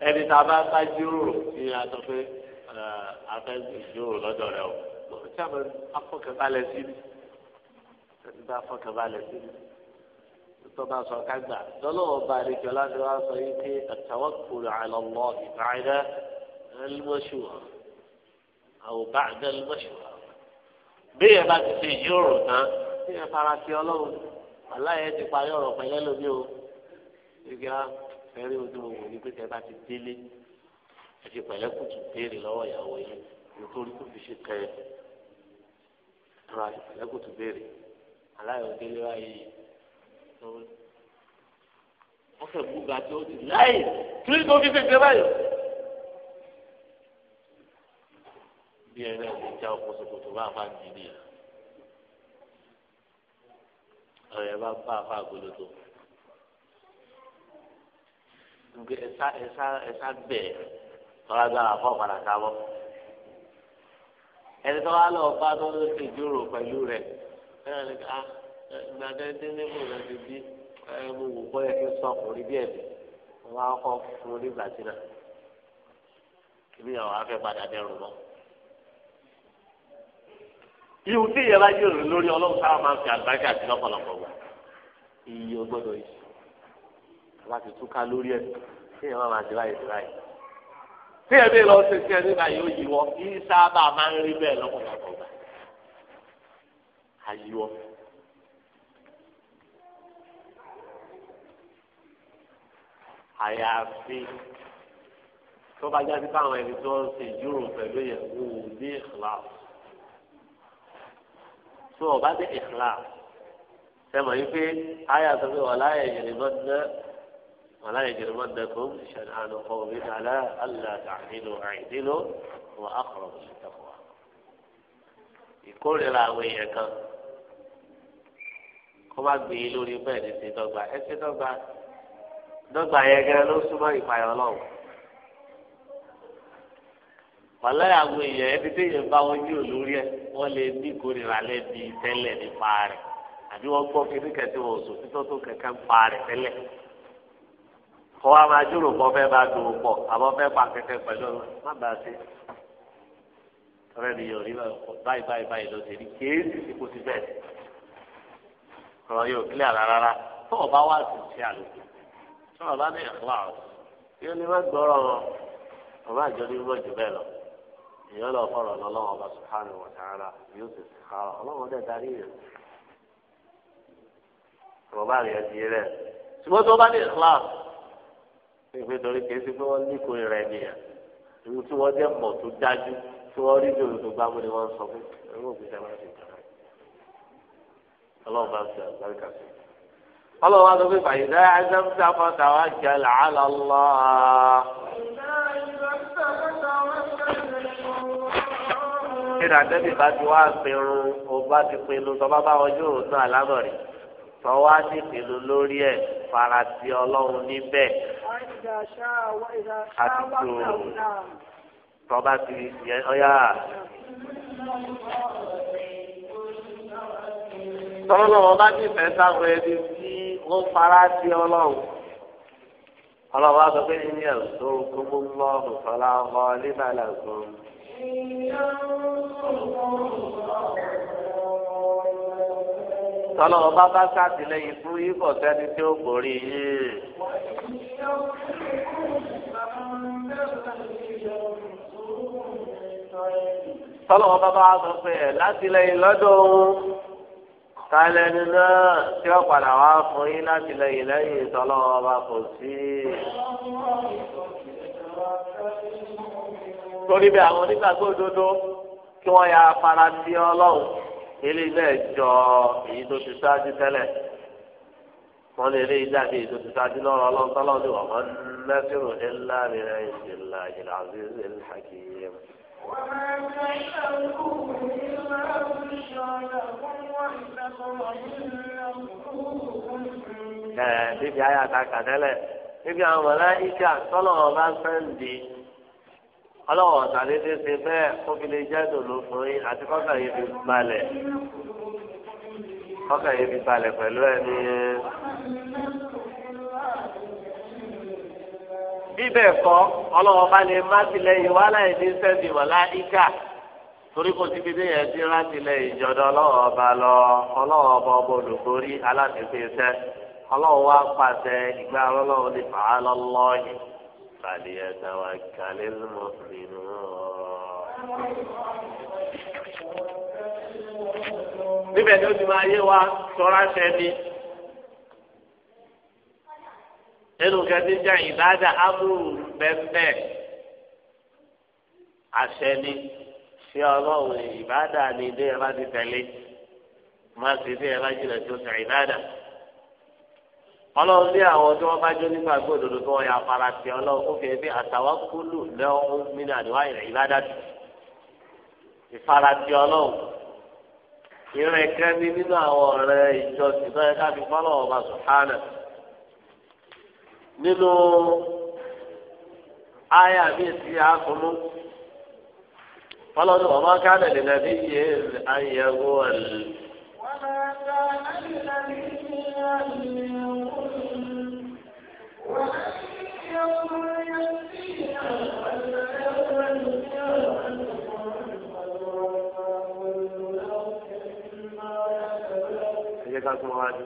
ẹni tá a bá bá jíròrò ní àtọ́ pé afẹ́ lọ́dọ̀ rẹ o tí a bẹ afọkànbalẹ̀ bá afọkànbalẹ̀ sí ni tó bá sọ ká gbà lọ́lọ́wọ́ bá àdéjọ́ láti wá sọ yìí pé àtàwọn kùrù àlọ́ lọ́ọ̀ ìbáyìí náà ẹ̀ àwọn bá àgbẹ̀lú mọ̀ṣúra béèyàn bá ti ṣe ìjíròrò tán béèyàn fara ti ọlọ́run aláyẹ ti parí ọ̀rọ̀ pẹ̀lẹ́ lómi o ìgbà fẹ́rí ojú òwò ni pé tẹ́lá ti délé ẹtì pẹ̀lẹ́ kùtù béèrè lọ́wọ́ ìyàwó yìí nítorí kò fi ṣe kẹ́ ẹ ọ̀rọ̀ àti pẹ̀lẹ́ kùtù béèrè aláyẹ ò délé wáyé wọ́n fẹ́ búga tí ó ti láyè bí ẹ náà ti já ọkọ ṣòkòtò bá a máa ń dìde yà ọ̀rẹ́ bá bá a fa àgolo tó nke ẹsa ẹsa ẹsa bẹ́ẹ̀ tọ́lá gbára fọ́ padà sábọ́ ẹni tọ́lá lọ bá tó ń ṣe ìjíròrò pẹ̀lú rẹ̀ ẹ̀rọ ni ká gbàdé délébù rẹ̀ ti bí ẹ̀ mo wò bọ́ ẹ ti sọ ọkùnrin bí ẹ̀mí wọ́n á kọ́ fún un nígbà tí náà ìbí àwọn afẹ́ padà dẹrù mọ́ ihò tí ìyẹn bá jèrò lórí ọlọ́run sáà máa ń fi àgbájá àti lọ́pọ̀lọpọ̀ wà iye gbọ́dọ̀ yìí wọ́n ti túká lórí ẹ̀ tí ìyẹn máa máa ti báyìí ti báyìí tí ìyẹn bí lọ sí sí ẹni báyìí ó yí wọ yìí sábà máa ń rí bẹ́ẹ̀ lọ́pọ̀lọpọ̀ wà àyíwọ́. àyàfi tó bá jáde káwọn ẹni tó ń ṣe ìjíròrò pẹ̀lú yẹn wò ó ní ìlànà tó o bá dé ìhlà sẹ́mọ̀ yìí pé àyà tó fi wàlá ẹ̀yẹ̀rì mọ́ ní wàlá ẹ̀yẹ̀rì mọ́ ní kó ṣẹlẹ̀ àná kọ́ omi àlá àlá tàdínú àìdínú wọn á kọ̀rọ̀ oṣù tẹ̀kọ̀ wa. ìkórìíra àwọn èèyàn kan kó má gbé lórí bẹ́ẹ̀ ní ti dọ́gba ẹ ti dọ́gba dọ́gba yẹn gẹ́gẹ́ ló súnmọ́ ìpayọ̀ ọlọ́run wàlá àwọn èèyàn ẹni téèyàn bá wọn yí lórí ẹ̀ wọ́n lè ní ìkórìíra lẹ́bi tẹ́lẹ̀ nípa rẹ̀ àbí wọ́n gbọ́ kíní kẹtí wọn sùn títọ́ tó kẹ̀kẹ́ ń pa rẹ̀ tẹ́lẹ̀ kọ́ wa máa jòrò kọ́ fẹ́ bá dùn pọ̀ àbọ̀ fẹ́ pa kẹ̀kẹ́ pẹ̀lú ọ̀rọ̀ má bàa ṣe ọ̀rẹ́ mi yọ̀ rí báyìí báyìí báyìí ló ṣe rí kéésì tí kò ti bẹ́ẹ̀ ọ̀rọ̀ yóò kílẹ̀ rárá tó o bá wá sí ṣe àlòkù tó o bá ní ìfúnra ọ̀ yóò ní wọ́n gbọ́rọ̀ ọ̀ bá àjọ ní wọ́n jù bẹ́ẹ̀ lọ èèyàn lọ fọ̀rọ̀ lọ́lọ́wọ́ ọba subhanahu wa ta'ala yóò sì sàkárọ̀ ọlọ́wọ́ dẹ̀ darí rẹ̀ rọ̀bà rẹ̀ di rẹ̀ ṣùgbọ́n tó bá ní ikhlas pé torí kìí ṣe pé wọ́n ní kò rẹ̀ nìyẹn irú tí wọ́n jẹ́ mọ̀ tó dájú tí wọ́n rí dòdò tó gbámú ni wọ́n sọ fún ẹ̀rọ òkúta máa ṣe ìjọba ọlọ́run bá ṣe àgbáríkà sí i ọlọ́run sọ pé fàyè dáhà ẹ̀ṣẹ́ kíni àtẹ́bí bá ti wá pinnu o bá ti pinnu tọ́ bá bá wọn yóò tún àlámọ̀ rí tọ́ wá sí pinnu lórí ẹ̀ farasí ọlọ́run níbẹ̀ àti tó tọ́ ti yẹ ọ́yá. tọ́lọ́ wọn ti fẹ́ sáwọn ẹni tí wọ́n farasí ọlọ́run ọlọ́run á sọ pé ní ẹ̀sùn kúmúlọ́ọ̀nù sọlá ọmọ nígbà lẹ́sùn tọ́lọ́wọ́ bá bá sàtìlẹ́yìn fún ibọ̀ sẹ́ni tí ó borí yìí. tọ́lọ́wọ́ bá bá sọ pé ẹ̀ látìlẹ́yìn lọ́dọ̀ òun náà tí ó padà wá fún yín látìlẹ́yìn lẹ́yìn tọ́lọ́wọ́ bá kò sí torí bẹ́ẹ̀ àwọn onígbàgbọ́ òdodo kí wọ́n ya fara sí ọlọ́run eléyìí náà jọ èyí tó ti ṣáájú tẹ́lẹ̀ wọ́n lè rí ìdàbí èyí tó ti ṣáájú lọ́rọ̀ ọlọ́run tọ́lọ́run ni wọ́n máa ń nẹ́sìrò ńlá mi rẹ̀ ìṣẹ̀lá ìlà àzízì ìlhàkìyìm. ẹ̀ẹ́dẹ́gbẹ̀ẹ́ ayé àtàkà tẹ́lẹ̀ níbi àwọn mọ̀lá ìjà tọ́lọ́run bá fẹ́ ọlọ́wọ́ ọ̀sàdédé ṣe bẹ́ẹ̀ kóbìlẹ̀ jáde olófin àti kọ́kà yìí fi balẹ̀ kọ́kà yìí fi balẹ̀ pẹ̀lú ẹni. bíbẹ̀ kọ́ ọlọ́wọ́ bá lè má wá láì ní sẹ́ẹ̀dì wọ̀lá ìkà torí kò síbi dé yẹn ti rántí lẹ́yìn ọlọ́wọ́ lọ ọlọ́wọ́ فليتوكل المؤمنون níbẹ̀ ni ó ti máa yé wa sọ́ra ṣẹ́ni nínú kẹ́tí jẹ́ ìbáda amúrù bẹ́ẹ̀ àṣẹni ṣé ọlọ́run ìbáda ni ilé ẹ bá ti tẹ̀lé má ti ilé ẹ bá jìnnà tó ṣe ìbáda. ọlọ́run lé àwọn tí wọ́n bá jó nígbà gbòdòdó tí wọ́n yà fara sí ọlọ́run ó fi ẹbí àtàwọn kúlù lẹ́wọ̀n nínú àdúrà ìrẹ̀ ìládàdì ìfarasí ọlọ́run nínú àwọn ọ̀rẹ́ ìjọsìn fọ́lọ́ ọba sùhánà nínú àyà mi sí fọ́lọ́ lè nàbí ká tún wájú.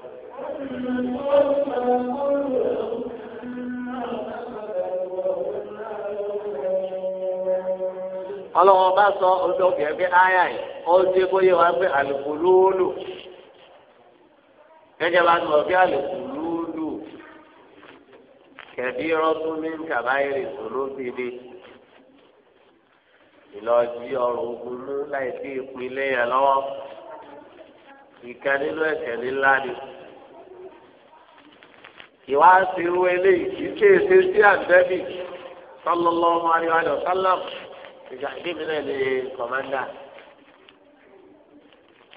ọlọ́wọ́n bá sọ ojú ọ̀gẹ̀ bí áyà yìí ó dé bóyá wá pé àlùkò lóòlù gẹ́gẹ́ bá ti mọ̀ bí àlùkò lúlù kẹ̀bí rọ́tún ní kàbáyèrè sòrò bèbè ìlọ́jì ọ̀rọ̀ ogun mú láì sí ìpínlẹ̀ yẹn lọ́wọ́ ìka nínú ẹ̀kẹ́ ńlá ni. ìwà ti rú eléyìí kì í sí àdẹ́bì sallallahu alaihi wa sallam ìjà ìdí mi náà ní kọ̀mándà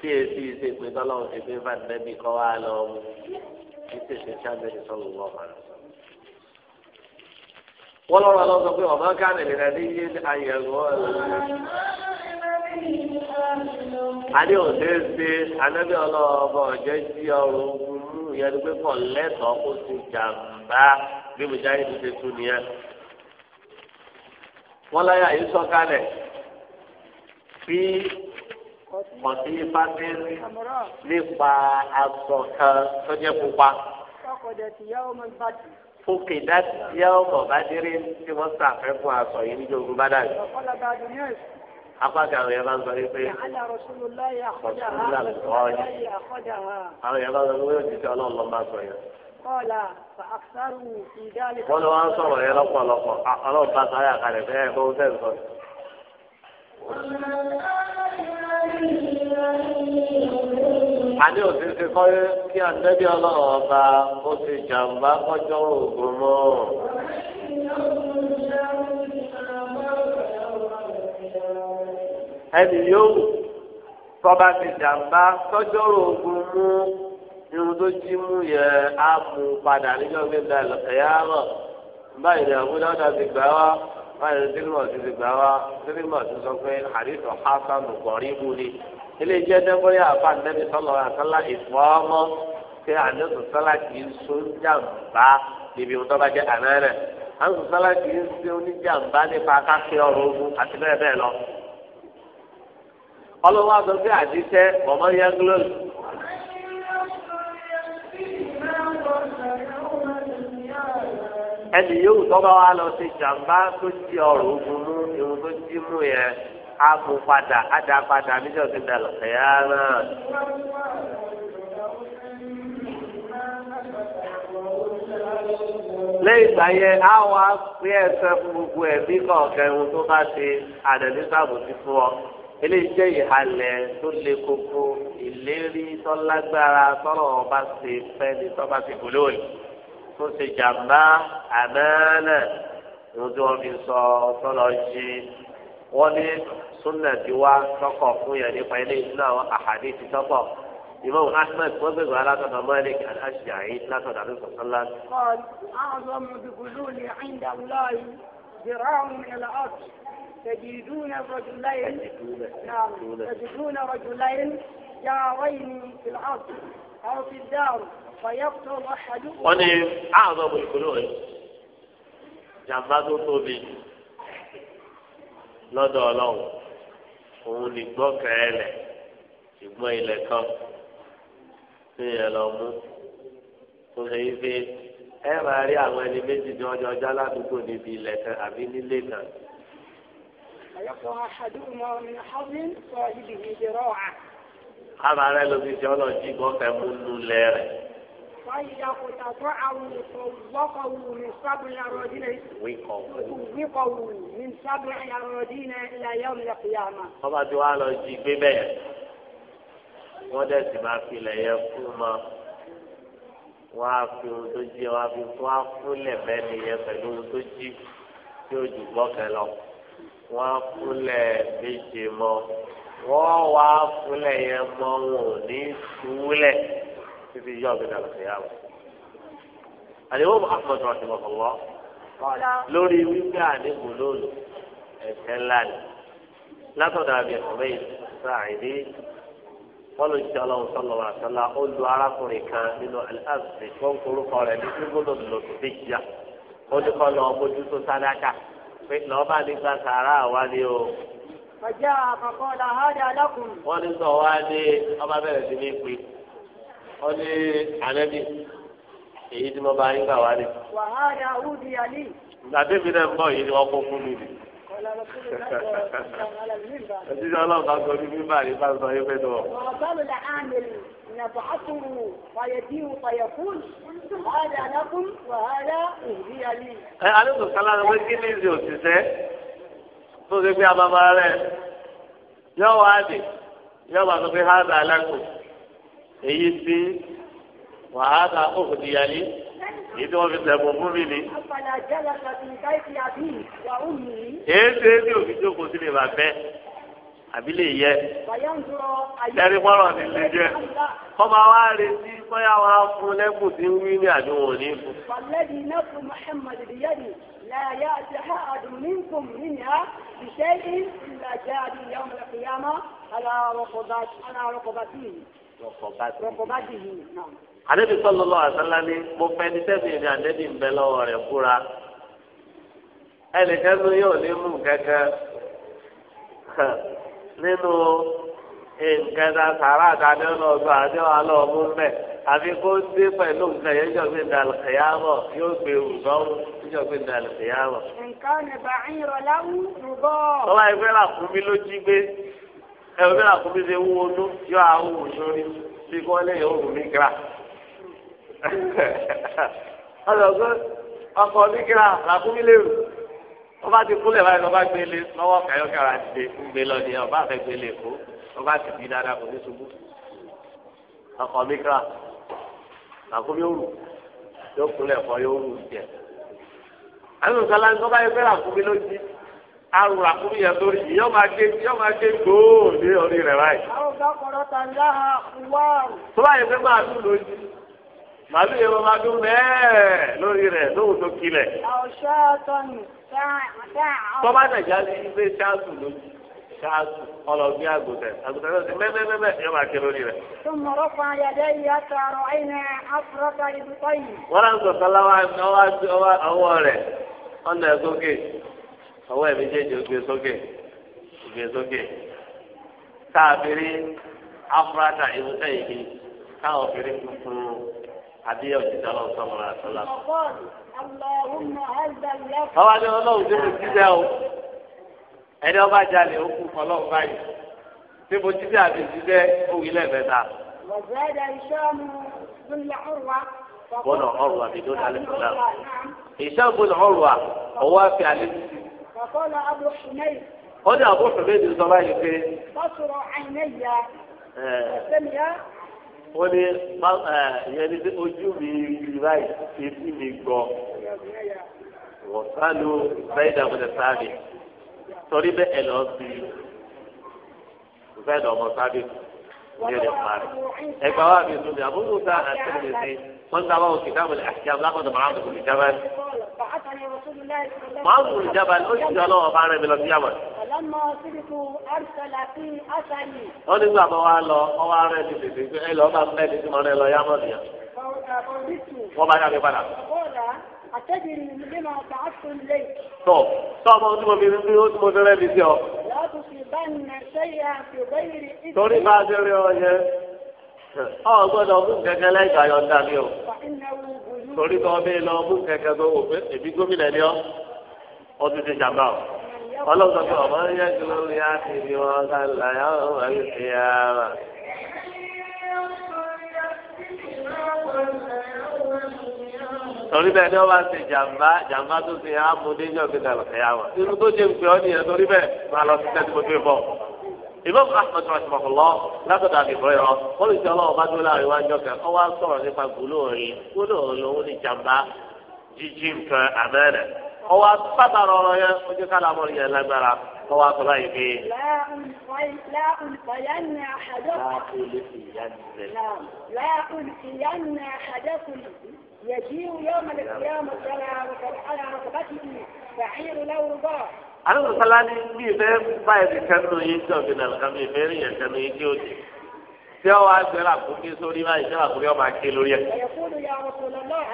tí èsì ṣe pé tọ́lọ́run ṣe pé fàdébí kọ́ wá lọ mú kí tètè sábẹ́ni sọ̀rọ̀ wọ́n máa lọ. wọ́n lọ́rọ̀ lọ sọ pé ọ̀bá káàdì lè rẹ̀ ní yé ayẹ̀wò ọ̀rẹ́. adé òde ṣe anábì ọlọ́ọ̀bọ̀ ọ̀jẹ́ sí ọrùn burú yẹn ni pé kọ̀ lẹ́tọ̀ọ́ kó ti jàǹbá bí mo jáde ti ṣe tún nìyẹn. wọ́n láyà yìí sọ kálẹ̀ fi kọ̀tí fásitì nípa aṣọ kan tó jẹ́ pupa. Fúkì dáṣíyá ọmọ bá déré tí wọ́n sàfẹ́ fún aṣọ yìí níjọ́ ogun bá dàbí. Apá kan àwọn yẹn bá ń sọ wípé ọ̀sùnlá ọ̀yìn. Àwọn yẹn bá ń sọ wípé òjijì ọlọ́run ló máa sọ yẹn. Wọ́n lọ wá ń sọ̀rọ̀ yẹn lọ́pọ̀lọpọ̀. Ọlọ́run bá sọ ayà kalẹ̀ fẹ́ kó fẹ́ sọ. àní òfin fi kí àtẹ́bí ọba ó ti jàǹbá kọjọ́ òògùn mọ́. ẹnì yóò tọ́ba ti jàǹbá kọjọ́ òògùn mú irun tó jí mú yẹ á mú padà níjọ́ gbé ẹ̀yà báyìí ni àbúdá ọ̀dà ti báyìí ní sílímọ̀ ti ti gbà wá sílímọ̀ ti sọ pé àdìsọ hasan gbọ̀rí mú ni ilé iṣẹ́ dẹ́gbẹ́rẹ́ àfa nẹ́bí sọ́lọ́ àkálá ìfọ́mọ́ pé àdìsọ sọ́lá kì í so jàǹbá níbi ohun tó bá jẹ́ ànárẹ̀ àdìsọ sọ́lá kì í so oníjàǹbá nípa káfíń ọ̀rọ̀ ogun àti bẹ́ẹ̀ bẹ́ẹ̀ lọ. ọlọ́wọ́ àgbẹ̀ àdìsẹ́ mọ̀mọ́ yẹn glóòlù ẹnì yóò tọ́ba wa lọ sí jàmbá tó ti ọ̀rọ̀ ogun mú irun tó ti mú yẹn á mú padà á dá padà níjọ́ tó dà lọ ẹ̀yà náà. lẹ́yìn ìgbà yẹn á wá pé ẹsẹ̀ fún gbogbo ẹ̀mí kọ̀ọ̀kan ohun tó bá ṣe àdẹ̀dẹ́ sàbòsí fún ọ eléyìí jẹ́ ìhalẹ̀ tó le koko ìlérí tọ́lágbára tọ́lọ̀ ọba ṣe fẹ́ni tọ́ba ṣe gbòlóòyìn. tó ṣe jàmbá àmàlà ohun tí wọ́n fi sọ sọ́lọ ṣe wọ́n ní súnà tí wá sọ́kọ̀ fún yẹn nípa ilé ìsúná àwọn àhàdé ti sọ́kọ̀ إمام أحمد وزغ على قدر مالك الأشجعي لا تدع عليه صلى الله عليه وسلم قال أعظم بفضولي عند الله ذراع من الأرض تجدون رجلين نعم تجدون رجلين جارين في الأرض أو في الدار wọ́n ní àwọn ọmọ ìkúlù rẹ̀ jàmbá tó tóbi lọ́dọ̀ ọlọ́run òun ní gbọ́kẹ́ ẹlẹ̀ ìgbọ́n ilẹ̀ kan ní ẹlọ́mú tó ṣe yí pé ẹ máa rí àwọn ẹni méjì ní ọjọ́ ọjọ́ aládùúgbò níbi ilẹ̀ kan àbí nílé kan. Àbára ẹ ló fi ọlọ́jì gbọ́kẹ́ mú nulẹ̀ rẹ̀. فإذا قطعوا طلقوا من سبع أراضين إلى يوم القيامة. ọba tí wàá lọ jí gbé bẹ́ẹ̀ wọ́n dẹ̀ sì máa fi ilẹ̀ yẹn fún ma wọ́n á fi ohun tó jí wọ́n á fi fún afúnlẹ̀ bẹ́ẹ̀ni yẹn pẹ̀lú ohun tó jí tí ó jù gbọ́kẹ́ lọ wọ́n á fúnlẹ̀ méje mọ́ wọ́n wá fúnlẹ̀ yẹn mọ́ wọn ò ní túlẹ̀. títí yọ ọ̀gbìn náà lọ́sẹ̀ yàwó. àdéhùn Ahmad rahimahullah lórí wípé àdéhùn lóòlù ẹ̀sẹ̀ ńlá ni látọ̀dọ̀ àbí ọ̀rẹ́ ìsáàdé wọ́n lọ sí ọlọ́run sọ́lọ́ àtàlà ó lu arákùnrin kan nínú aláàbẹ̀ tó ń korúkọ rẹ̀ ní gbígbóná lòdìjà ó o. wọ́n ní èyí tí mo bá yín gbà wá ní. wàhálà ọ̀húndì àlè. gbàdébí náà ń bọ̀ yìí ni kó fún mi sọ sọ ní bá sọ wàhálà wàhálà Ẹ alẹ́ kí ìsìn òṣìṣẹ́ tó rẹ̀ wá wá sọ pé èyí tí wàhálà òfòdìyàlí èyí tí wọ́n fi sẹ̀kùn fún mi ni. èyí tí èyí ò fi jókòó sí lè bà bẹ́ àbí lè yẹ. ẹni pọ́nrọ̀ ní lè jẹ́ kọ́ máa wá retí bóyá wọn á fún lẹ́kùn tí ń wí ní àdúgbò ní fún. wàlẹ́dì náà fún muhammed biyadi láyà àtẹ̀há àdùnnìkùn nìyà ìṣẹ́yìn ìlàjà àdìyàwó ìyàmọ́ alárọ̀kọ̀bàtì àdébí sọlọlọ àtàlà ni mo fẹ́ ní sẹbi ní àdébí ń bẹ lọ́wọ́ rẹ̀ fúra ẹnìkan tó yóò ní mú kankan [laughs] nínú nǹkan tá a sàrà àtàdé ọlọ́ọ̀sọ àti ọ̀hálọ́ ọ̀mú mẹ́ àfi kó dé pẹ̀lú nǹkan yẹn jọ pé dàlù kìyàmọ̀ yóò gbé rùbọ́ọ̀mù jọ pé dàlù kìyàmọ̀. nǹkan ò ní bàá ń yọ̀rọ̀ láwùjọ bọ́ọ̀. ọlá ìfẹ́ ló jí gbé ẹ̀rọ bí làkú mi ṣe wúwo tó yọ àwọn òṣèré bí kò lè yọ òun mi kíra. ọlọ́gbọ́n ọkọ̀ mi kíra làkú mi lérò ọba ti kúlẹ̀ báyìí lọ́ba gbélé lọ́wọ́ kàyọ́kàrà ti dé ń gbé ọba àfẹ́ gbélé kó ọba ti di dáadáa kò ní ṣubú. ọkọ̀ mi kíra làkú mi òrù yóò kúlẹ̀ fọ yóò rù tiẹ̀. àlùsọ̀lá ń tọ́ka ẹgbẹ́ làkú mi ló arùn àkúrú yẹn lórí yìí yọ́n máa gé yọ́n máa gé gbòó ní orí rẹ̀ báyìí. àwọn ọ̀gá kọ̀ọ̀rọ̀ tàǹdà wà. tó bá yẹ pé máa dùn lójú màálù yẹn ló máa dún mẹ́ẹ̀ lórí rẹ̀ lóhùn tó kilẹ̀. tọ́ba nàìjíríà ti gbé ṣáàtù lójú ṣáàtù ọlọ́gbé àgùntẹ̀ àgùntẹ̀ náà ti mẹ́mẹ́mẹ́mẹ́ yóò máa ké lórí rẹ̀. wọ́n á ń sọ̀tàn láwa ọwọ́ rẹ̀ ọ̀nà ẹ̀gógè ọwọ́ ẹ̀ méjèèjì ó gbé sókè ó gbé sókè káàbírí afurata ìwúsẹ̀ yìí káwọn obìnrin funfun àbí òjijì ọlọ́run sọ̀rọ̀ àtọ́lá. ọwọ́ adé ọlọ́run tó kù jíjẹ́ o ẹni ọba jalè ó kú ọlọ́run báyìí tí mo jíjẹ́ àbí jíjẹ́ òwì lẹ́ẹ̀mẹ́ta. bọ́lọ̀ ọ̀rùwà mi ló dálé fún náà. ìṣàbùn ọ̀rùwà ọwọ́ àfi àlejò Bàbá Abu Humayd. Ó ní Abu Humayd sọ báyìí pé. Bọ́sùrọ̀ àìníyà. Ẹ̀sẹ̀mìyà. Ó ní ìyẹn ní ojú mi rí báyìí, etí mi gbọ́. Wọ́n sá lo bẹ́ẹ̀ dàbọ̀dẹ̀ sáré. Torí ẹ̀ lọ sí bẹ́ẹ̀ dàbọ̀ sáré. Ní ẹ̀rẹ̀ parí. Ẹgbàá wa mi sọ mi, àbúrò ta àtẹ̀lẹ́sẹ̀ wọ́n sábà wọ kìtàbù àṣìyàm lákòtò màámu kùn jábàl. màámu kùn jábàl ó sì jọlọ ọba rẹ mi lọ sí yàmà. wọ́n nígbà bá wa lọ ọba rẹ ti tètè pé ẹ lọ́ọ́ bá ń bẹ́ẹ̀ títí mọ́ rẹ lọ yàmà nìyà. wọ́n bá dàbí padà. tọ́ tọ́ ọmọ tí mo fi rí ó tí mo fi rẹ́ mi sí ọ. torí bá a ṣe rí ọ yẹn ọ gbọ́dọ̀ mú kẹ̀kẹ́ lẹ́yìn àyọ̀dá mi o torí kan bí lọ mú kẹ̀kẹ́ tó wò pé èmi gómìnà ni ọ ọ ti ti jàmbá o ọlọ́sọ̀ pé ọmọ yẹ kí ló rí àtìrí wọn ká láyà ọmọ yìí ti yá wa. torí bẹ́ẹ̀ ni wọ́n bá ṣe jàmbá jàmbá tó ṣe àmúdéjọ́ kí dàlọ́ kẹ́yà wọn. irú tó ṣe ń pè nìyẹn torí bẹ́ẹ̀ máa lọ sí tẹ́tí mo tó ń bọ̀ imam ahmed rahimahullah látọ̀dọ̀ àbí ìbúrẹ́ rọ wọ́n lè ṣe ọlọ́wọ́ bá dúró láàrin wájú ọ̀kẹ́ ọ wá sọ̀rọ̀ nípa gbólóòrin gbólóòrin lòun ní jàmbá jíjí nǹkan àmẹ́rẹ̀ ọ wá sábà rọrọ yẹn ó jẹ́ ká lámọ́ yẹn lágbára ọ wá sọ báyìí pé. láàrùn ìfọyánná àdókùn yẹ̀dí yọ́mọ̀lẹ́kìyàmọ̀ sọ̀rọ̀ àwọn kọ̀ọ̀kan àrà àwọn kọ̀ọ̀kan àlùkò sálá ní bí ìfẹ́ bá ẹ̀sìn kẹ́nu yín tí ọ̀gbìn àlùkà mi ìfẹ́ rìn ẹ̀sìn yín tí ó di tí ọwọ́ agbẹ́rẹ́ àkókè sórí báyìí tí àkókè ọmọ aké lórí ẹ̀.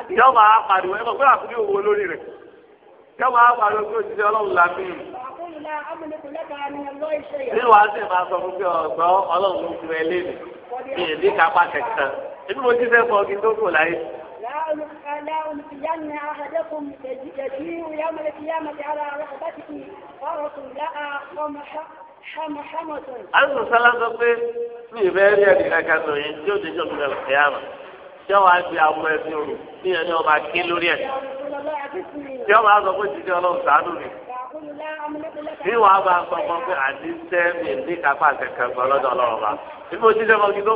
tí ọmọ apàdùwẹ̀ ẹ̀ mọ̀ pé àkókè òwò lórí rẹ̀ tí ọmọ apàdùwẹ̀ kí òṣìṣẹ́ ọlọ́run la fi. nínú wa sì máa sọ fún pé ọ̀gbọ́n ọlọ́run ló fún ẹ lé mi ní ìdí kápá kẹ̀kẹ́ قال لا أنقين أحدكم يجيء يوم القيامة على رقبته فرس لها حمحمة. أنت سلام ní ìbẹ́rẹ́ ẹ̀rí kankan tó yẹn tí ó ti jọ́ gbọ́dọ̀ kíámà tí wọ́n á fi àwọn ẹ̀sìn òru tí yẹn ní wọ́n máa ké mi bí wọ́n á sọ fún pé àti ní kápá bá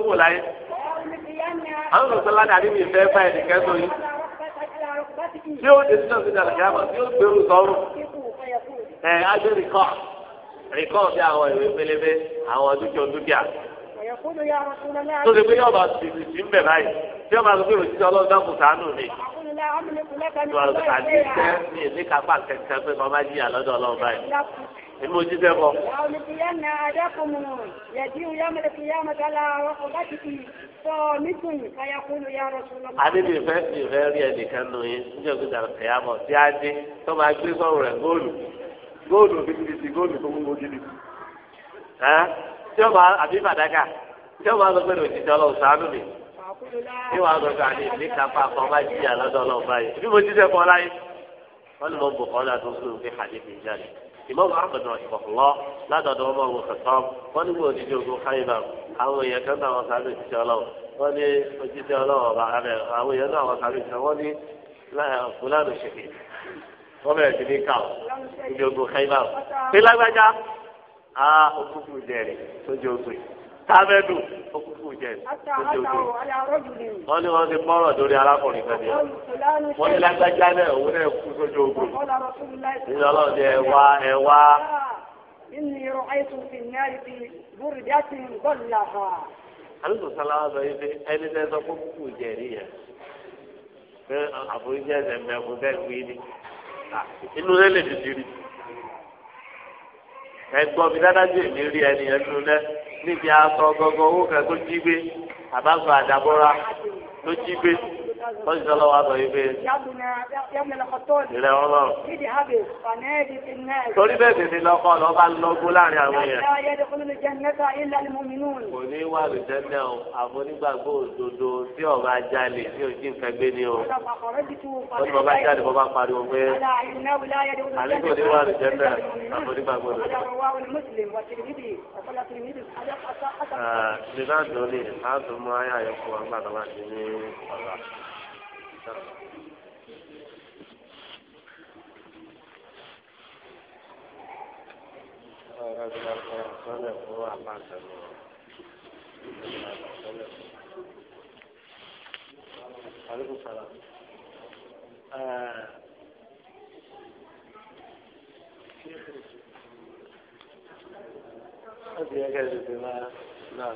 kù láyé àwọn tí ó dé sí náà sí tí ó gbèrú sọ̀rọ̀ ẹ adé rìkọ rìkọ bí àwọn ìwé pélébé àwọn dúkìá dúkìá tó ṣe pé yóò bá sì sí ń bẹ báyìí tí yóò bá sọ pé òṣìṣẹ́ ọlọ́run dákun ṣàánú mi ìwà òṣìṣẹ́ àti iṣẹ́ mi ní kápá kẹ̀kẹ́ pé mo máa jìyà lọ́dọ̀ ọlọ́run báyìí èmi ò jíṣẹ́ bọ̀ àdébí ìfẹ́ sì fẹ́ rí ẹnìkan nù yín níjọ́ bí dàrú kẹ̀yàmọ̀ tí a dé tó máa gbé sọ̀rọ̀ rẹ̀ góòlù góòlù bíbí góòlù tó wúwo gidi. tí ó máa àbí fàdákà tí ó máa lọ pẹ̀lú òjijì ọlọ́run ṣàánú mi. tí wàá lọ sàn ní ìdí kápá kan bá jìyà lọ́dọ̀ ọlọ́run báyìí bí mo jíṣẹ́ fọ́ láyé wọ́n ní mo bò kọ́ ọ́ ìmọ̀mù ahmed rahimahullah látọ̀dọ̀ ọmọ ọmọ kẹsàn-án wọ́n ní wọ́n òjijì ogun khaybar àwọn èèyàn kan náà wọ́n sáré òjijì ọlọ́run wọ́n ní òjijì ọlọ́run ọba rẹ̀ àwọn èèyàn náà wọ́n sáré òjijì wọ́n ní fúlàní ṣèké wọ́n bẹ̀rẹ̀ sí ní ká òjijì ogun khaybar pé lágbájá a òkúkú jẹ̀rẹ̀ tó jẹ́ òkú yìí tábẹ́dù okùnkùn jẹ wọ́n ní wọ́n ti mọ́rọ̀ lórí arákùnrin kan ní wọ́n ní lágbájá náà òun náà kú sójú ogun nínú ọlọ́run ní ẹ̀wá ẹ̀wá. إني رأيت في النار في بردة ظلها. Àlùkò sálá sọ yìí pé ẹni tẹ́ sọ fún kùkù jẹ̀rí yẹn. Pé àforíjì ẹ̀sẹ̀ mẹ́kun bẹ́ẹ̀ wí ni. Ah, inú rẹ̀ lè dìdì rí. Ẹ̀gbọ́n mi dáadáa jù èmi rí ẹni ẹnu náà níbi aṣọ gọgọ owó kan tó jí gbé àbáṣọ àdàbọra tó jí gbé wọ́n ti sọ́lọ́ wa sọ yìí pé. ìrẹ̀ wọn lọ. torí bẹ́ẹ̀ tètè lọ́kọ́ lọ́ bá lọ́gbó láàrin àwọn èèyàn. kò ní wà lùjẹ́nẹ̀ o àfonígbàgbọ́ òdodo tí ọba jalè tí o jí nǹkan gbé ni o. wọ́n ti bọ́ba jáde bọ́ba pariwo pé. àlejò ní wà lùjẹ́nẹ̀ àfonígbàgbọ́ òdodo. Ṣé bá dùn ní ìhádùn mú ayé àyọkù àgbàdo láti ní ọ̀la? وسلم عليكم السلام أدري أجل بما نعم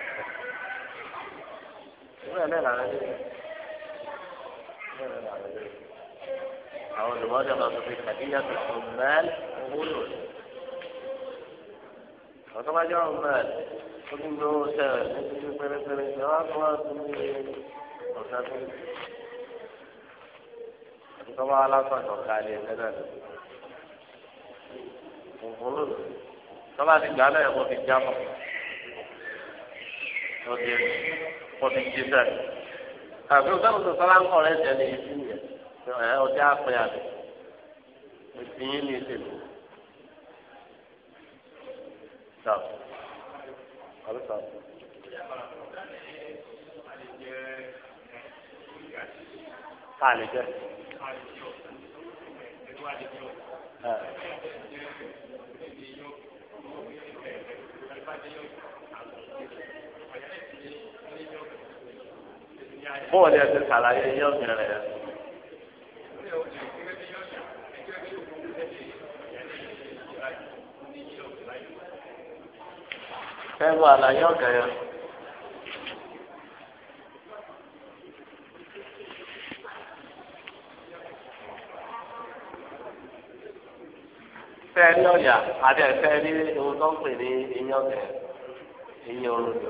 bẹ́ẹ̀ náà làwọn ẹlẹ́yìn bẹ́ẹ̀ náà làwọn ẹlẹ́yìn àwọn olùwádìí máa sọ pé kàdíyà tó sọ mẹ́ẹ̀lì owó lò ní. àwọn tó bá jẹ́ àwọn mẹ́ẹ̀lì ó ti gbé owó sẹ́rẹ̀ ní títí pérépéré ṣe wá fún wọn tó ní ọ̀sẹ̀ tó ní. àti tó bá wà lásán ìtọ̀ka ilé ẹgbẹ́ náà lò. òfò lò ní. tó bá ti gbà lẹ́yìn kó ti já mọ́. ó ti rí fọdún jíjẹ àbí ọgbẹ́ òṣèlú sọlá ń kọ̀ lẹ́sẹ̀ ní ìlú yẹn ọjà àpẹ àbẹ ìsìn ní ìsìn tà àbí tà. ká lè jẹ. Thank you bọ́ọ̀lù ẹ̀ ti sàlàyé yọ̀ọ̀mì rẹ̀. fẹ́rù àlàyé ọ̀gá yẹn. fẹ́ẹ̀rí ọ̀yà àti ẹ̀fẹ́ rí ohun tó ń pè ní iyán ọ̀gá yẹn iyán olódò.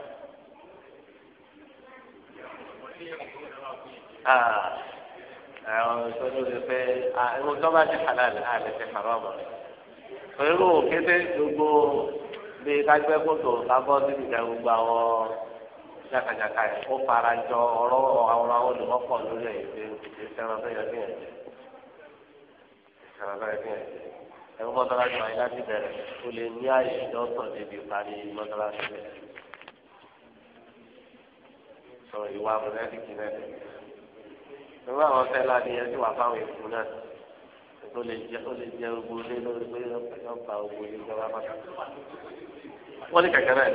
àwọn ìṣòro rẹ pé àwọn tó bá ti halal àlè ah, ti haram pẹ̀lú kété gbogbo bí kágbẹ́ kótó kábọ́ síbi ìjà gbogbo àwọn jákàjáká yẹn kó fara jọ ọ̀rọ̀ àwọn àwọn olùmọ̀pọ̀ lórí ẹ̀ ṣe ìwé àwọn fẹ́ la ni ẹni wà fáwọn èkó náà tó lè jẹ ó lè jẹ ogun lé lórí pé ogun lọ́wọ́ wọ́n kẹ̀kẹ́ náà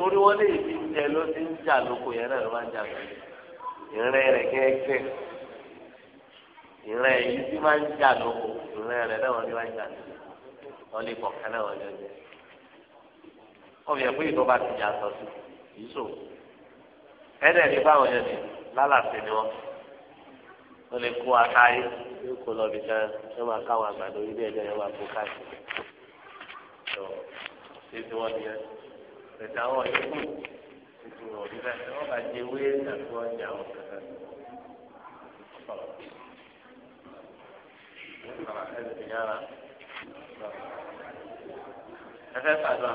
torí wọ́n lè fi jẹ ló ti ń jà lóko yẹn náà ló máa ń jà lóko ìrìn rẹ̀ kẹ́kẹ́ ìrìn máa ń jà lóko ìrìn rẹ̀ náà wọ́n máa ń jà lóko wọ́n lè wọ́n ìtọ́ bá ti jà ẹ̀ẹ́dẹ̀ẹ́dẹ́ lálàsì ni wọn ó lè kó akáyé yóò kó lọ bí kan yóò máa káwọn àgbàdo ilé ẹjọ́ yóò máa kó káàkiri tó ṣé tí wọn nìyẹn pẹ̀lú àwọn yòókù tuntun wọn bí bẹ́ẹ̀ wọn bá jẹ ewé àti wọn jẹ àwọn kankan ẹ fẹ́ fàdúrà.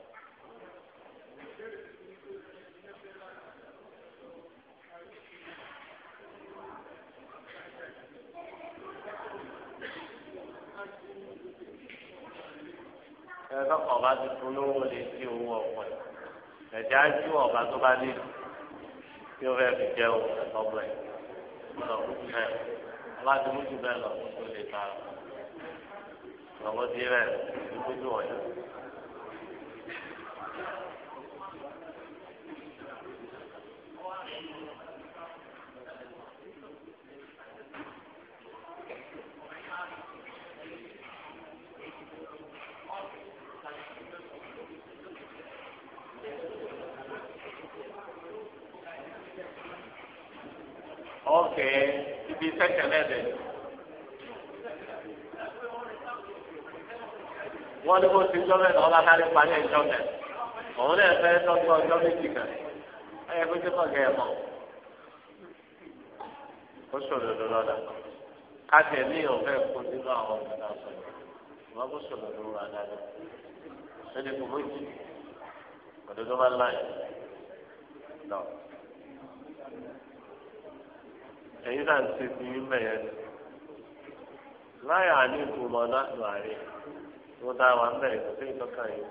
ẹ̀rọ ọba ti fún lówó lè fi owó ọ̀pọ̀ ẹ̀ ẹ̀jẹ̀ á ju ọba tó bá lè tí ó fẹ́ fi jẹ́ ọ̀pọ̀ ẹ̀ lọ kúkú bẹ́ẹ̀ ọba ti mú jù bẹ́ẹ̀ lọ kó lè ta ọ̀pọ̀ tí bẹ́ẹ̀ kúkú jù wọ̀nyí. ọ̀kẹ́ ibi sẹ́kẹ̀lẹ́ dẹ̀. wọ́n ní kó ti ń jọ́mẹ́ náà ọlọ́kárí parí ẹ̀jọ́ mẹ́. òun náà fẹ́ tọ́jú ọjọ́ méjì kan. ẹ̀yẹ kó tẹ́kọ̀ gẹ̀ ẹ̀ mọ̀. ó ṣòdodo lọ́dà. káṣí ẹ̀mí ọ̀fẹ́ kó nínú àwọn ọ̀gá sọ̀rọ̀. ìwọ́n kó ṣòdodo rà dáadáa. ẹni kò méjì. òdodo máa ń láyé. lọ́wọ́. ẹ̀yin náà ń ṣe ti ń bẹ̀yẹ láyà ní ìkùmọ̀ náà lọ àárẹ̀ dá wa ń bẹ̀rẹ̀ sí ìtọ́ka yìí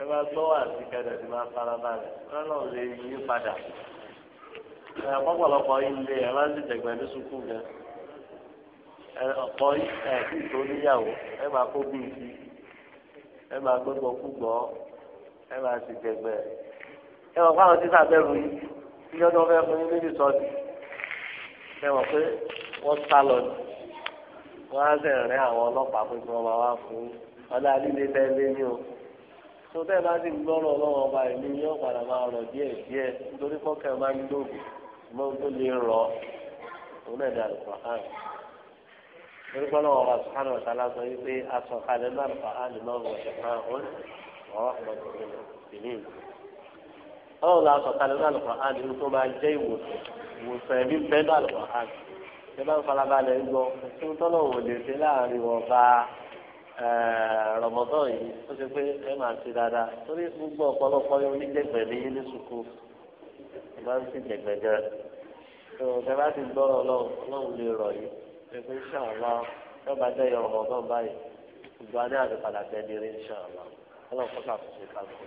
ẹ bá tí máa fara balẹ̀ lè yí padà. ẹ ilé ẹ máa ń ti dẹ̀gbẹ́ ní sukù gan. ẹ ọ̀pọ̀ ẹ kí níyàwó ẹ máa kó bí ìjọ tó fẹ́ fún yín níbi sọ́ọ̀dì ṣe wọ́n pé wọ́n sá lọ ni wọ́n á bẹ̀rẹ̀ rẹ àwọn ọlọ́pàá pé kí wọ́n máa wá fún ọlá líle bẹ́ẹ̀ lé ní o tó bẹ́ẹ̀ bá sì gbọ́rọ̀ lọ́wọ́ ọba ẹ̀mí yóò padà máa rọ̀ díẹ̀ díẹ̀ nítorí kọ́kẹ́ máa ń lóògùn mọ́ tó lè rọ̀ òun náà dà lùpọ̀ hàn torí kọ́lọ́ ọba sùhánù ọ̀tàlá sọ wípé asọ̀kalẹ̀ náà lùpọ̀ hàn lọ́wọ́ ọ̀ṣẹ̀ ọlọ́run la sọ̀tà lórí àlùkòrán nínú tó máa jẹ́ ìwòsàn ìwòsàn ẹ̀mí bẹ́ẹ̀ ní àlùkòrán ṣé bá ń farabalẹ̀ ń gbọ́ tí ń tọ́lọ̀ wò lè ṣe láàrin ọba eh, rọmọdán yìí ó ṣe pé ẹ máa ṣe dáadáa torí gbogbo ọ̀pọ̀lọpọ̀ yóò ní jẹ̀gbẹ̀ ní yín ní sùkú ẹ máa ń sì jẹ̀gbẹ̀ gan tó ẹ bá ti gbọ́ ọlọ́run lè rọ̀ yìí ṣe pé ṣàlọ́ yọba jẹ́ yọ rọmọdán báyìí ìgbà ní àdìpadà tẹ́lẹ̀ rí ọlọ́run kọ́ta kò ṣe kálukú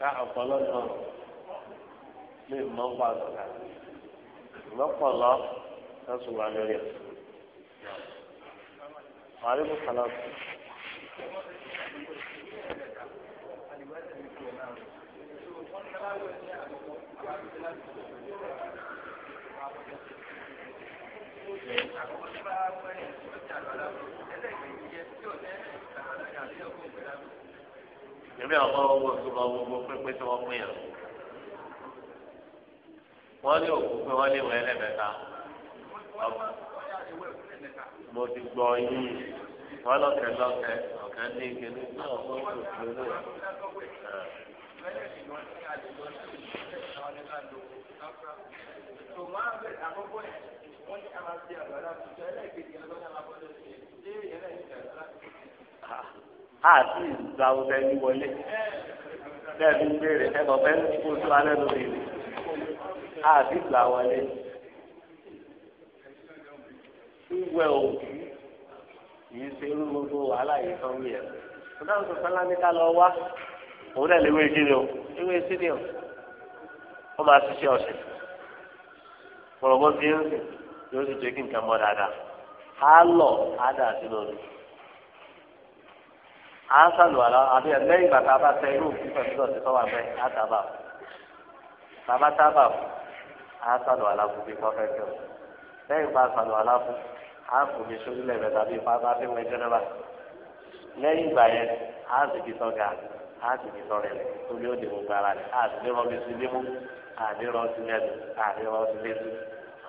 ká ọ̀pọ̀lọpọ̀ lè mọ pa ọ̀gá lọ́pọ̀lọ́ lọ́sùn wà lórí ẹ̀. وعليكم السلام Thank you. ìrìn àwọn ọmọ ìṣòro gbogbo pépé tí wọ́n pín yàn wọ́n ní òkú pé wọ́n lè wọ ẹlẹ́mẹ̀ta mo ti gbọ́ yín wọ́n lọ́kẹ́ lọ́kẹ́ ọ̀kẹ́ ní ìgbéni náà wọ́n kò tó lè. Tòmáàbẹ̀ àkọ́kọ́ yẹn wọ́n ní àwọn ti àgbàlá tuntun ẹlẹ́ẹ̀kejì ọlọ́dà máa bọ́dọ̀ sí ẹ̀ ṣé ẹlẹ́ẹ̀kejì àgbàlá tuntun. àti ìgbà ọbẹ̀ ní wọlé lẹ́ẹ̀bí ń béèrè ẹ̀ bọ̀ bẹ́ẹ̀ ní oṣù alẹ́ ló béèrè àti ah, ìgbà wọlé. wíwẹ̀ òkú yìí ṣe irú gbogbo wàhálà yìí kan wí ẹ̀. ọ̀dọ́ àwọn sọ̀tàn láti ká lọ wá òun náà léwé kí ni o léwé sí ni o wọ́n máa ṣiṣẹ́ ọ̀sẹ̀ pọ̀lọ́gbọ́n ti ń sìn. yóò sì jẹ́ kí nǹkan mọ́ dáadáa á lọ á dà sí lórí á sàlù àlọ́ àbí ẹ̀ lẹ́yìn bàtà bá tẹ irú òfin pẹ̀lú ọ̀sẹ̀ tó wà á sábà bàbá sábà á sàlù àlàfo bí kọ́ fẹ́ tẹ̀ lẹ́yìn bá sàlù àlàfo á kò ní sórí lẹ́bẹ̀ẹ́ tàbí ipá bá fi wọ́n náà á sì fi á sì fi ó dìbò gbára á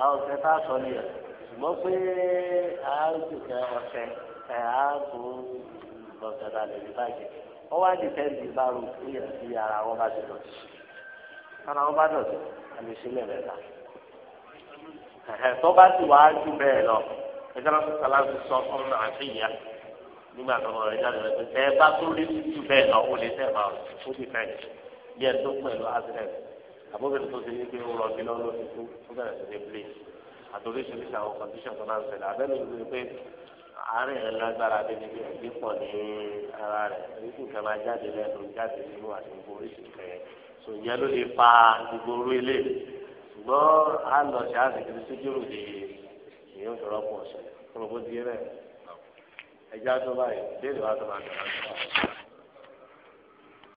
àwọn ọ̀sẹ̀ tá a sọ nìyẹn ṣùgbọ́n pé àádùkẹ́ ọ̀sẹ̀ ẹ̀ àádùn lọ́sẹ̀ tá a lè rí bàjẹ́ wọ́n wá di tẹ́ǹtì ìbáru fún yẹn sí ara wọn bá ti dọ̀tí ara wọn bá dọ̀tí a lè ṣe lẹ́ẹ̀mẹ́ta tó bá ti wàá jù bẹ́ẹ̀ lọ ẹgbẹ́ náà sọ̀rọ̀ láti sọ fún àfihàn nígbà tó wọ́n rẹ̀ jáde lọ́sẹ̀ tẹ́ bá tó rí jù bẹ́ẹ̀ lọ ó lè tẹ̀ máa ó ti fẹ́ bí ẹ tó pẹ̀lú accident àbóbìnrin tó ti ní pé ó rọ bí lọ́wọ́ ló ti kú ó bẹ̀rẹ̀ sí ní bleach àtòríṣiríṣi àwọn condition tó máa ń ṣẹlẹ̀ abẹ́lẹ̀ ìlú pé àárín rẹ̀ lágbára dé níbi ẹ̀gbẹ́ pọ̀ ní ara rẹ̀ ikú kan máa jáde lẹ́nu jáde nínú àti gbogbo oríṣiríṣi rẹ̀ sò yẹn ló lè fa gbogbo orú ilé ṣùgbọ́n á lọ ṣe àṣekiri síjúrù ní ìyẹn òṣèrò pọ̀ ṣẹlẹ̀ kúrò bó di rẹ̀ ẹja tó báyìí déèlì wa tó máa tẹ̀lé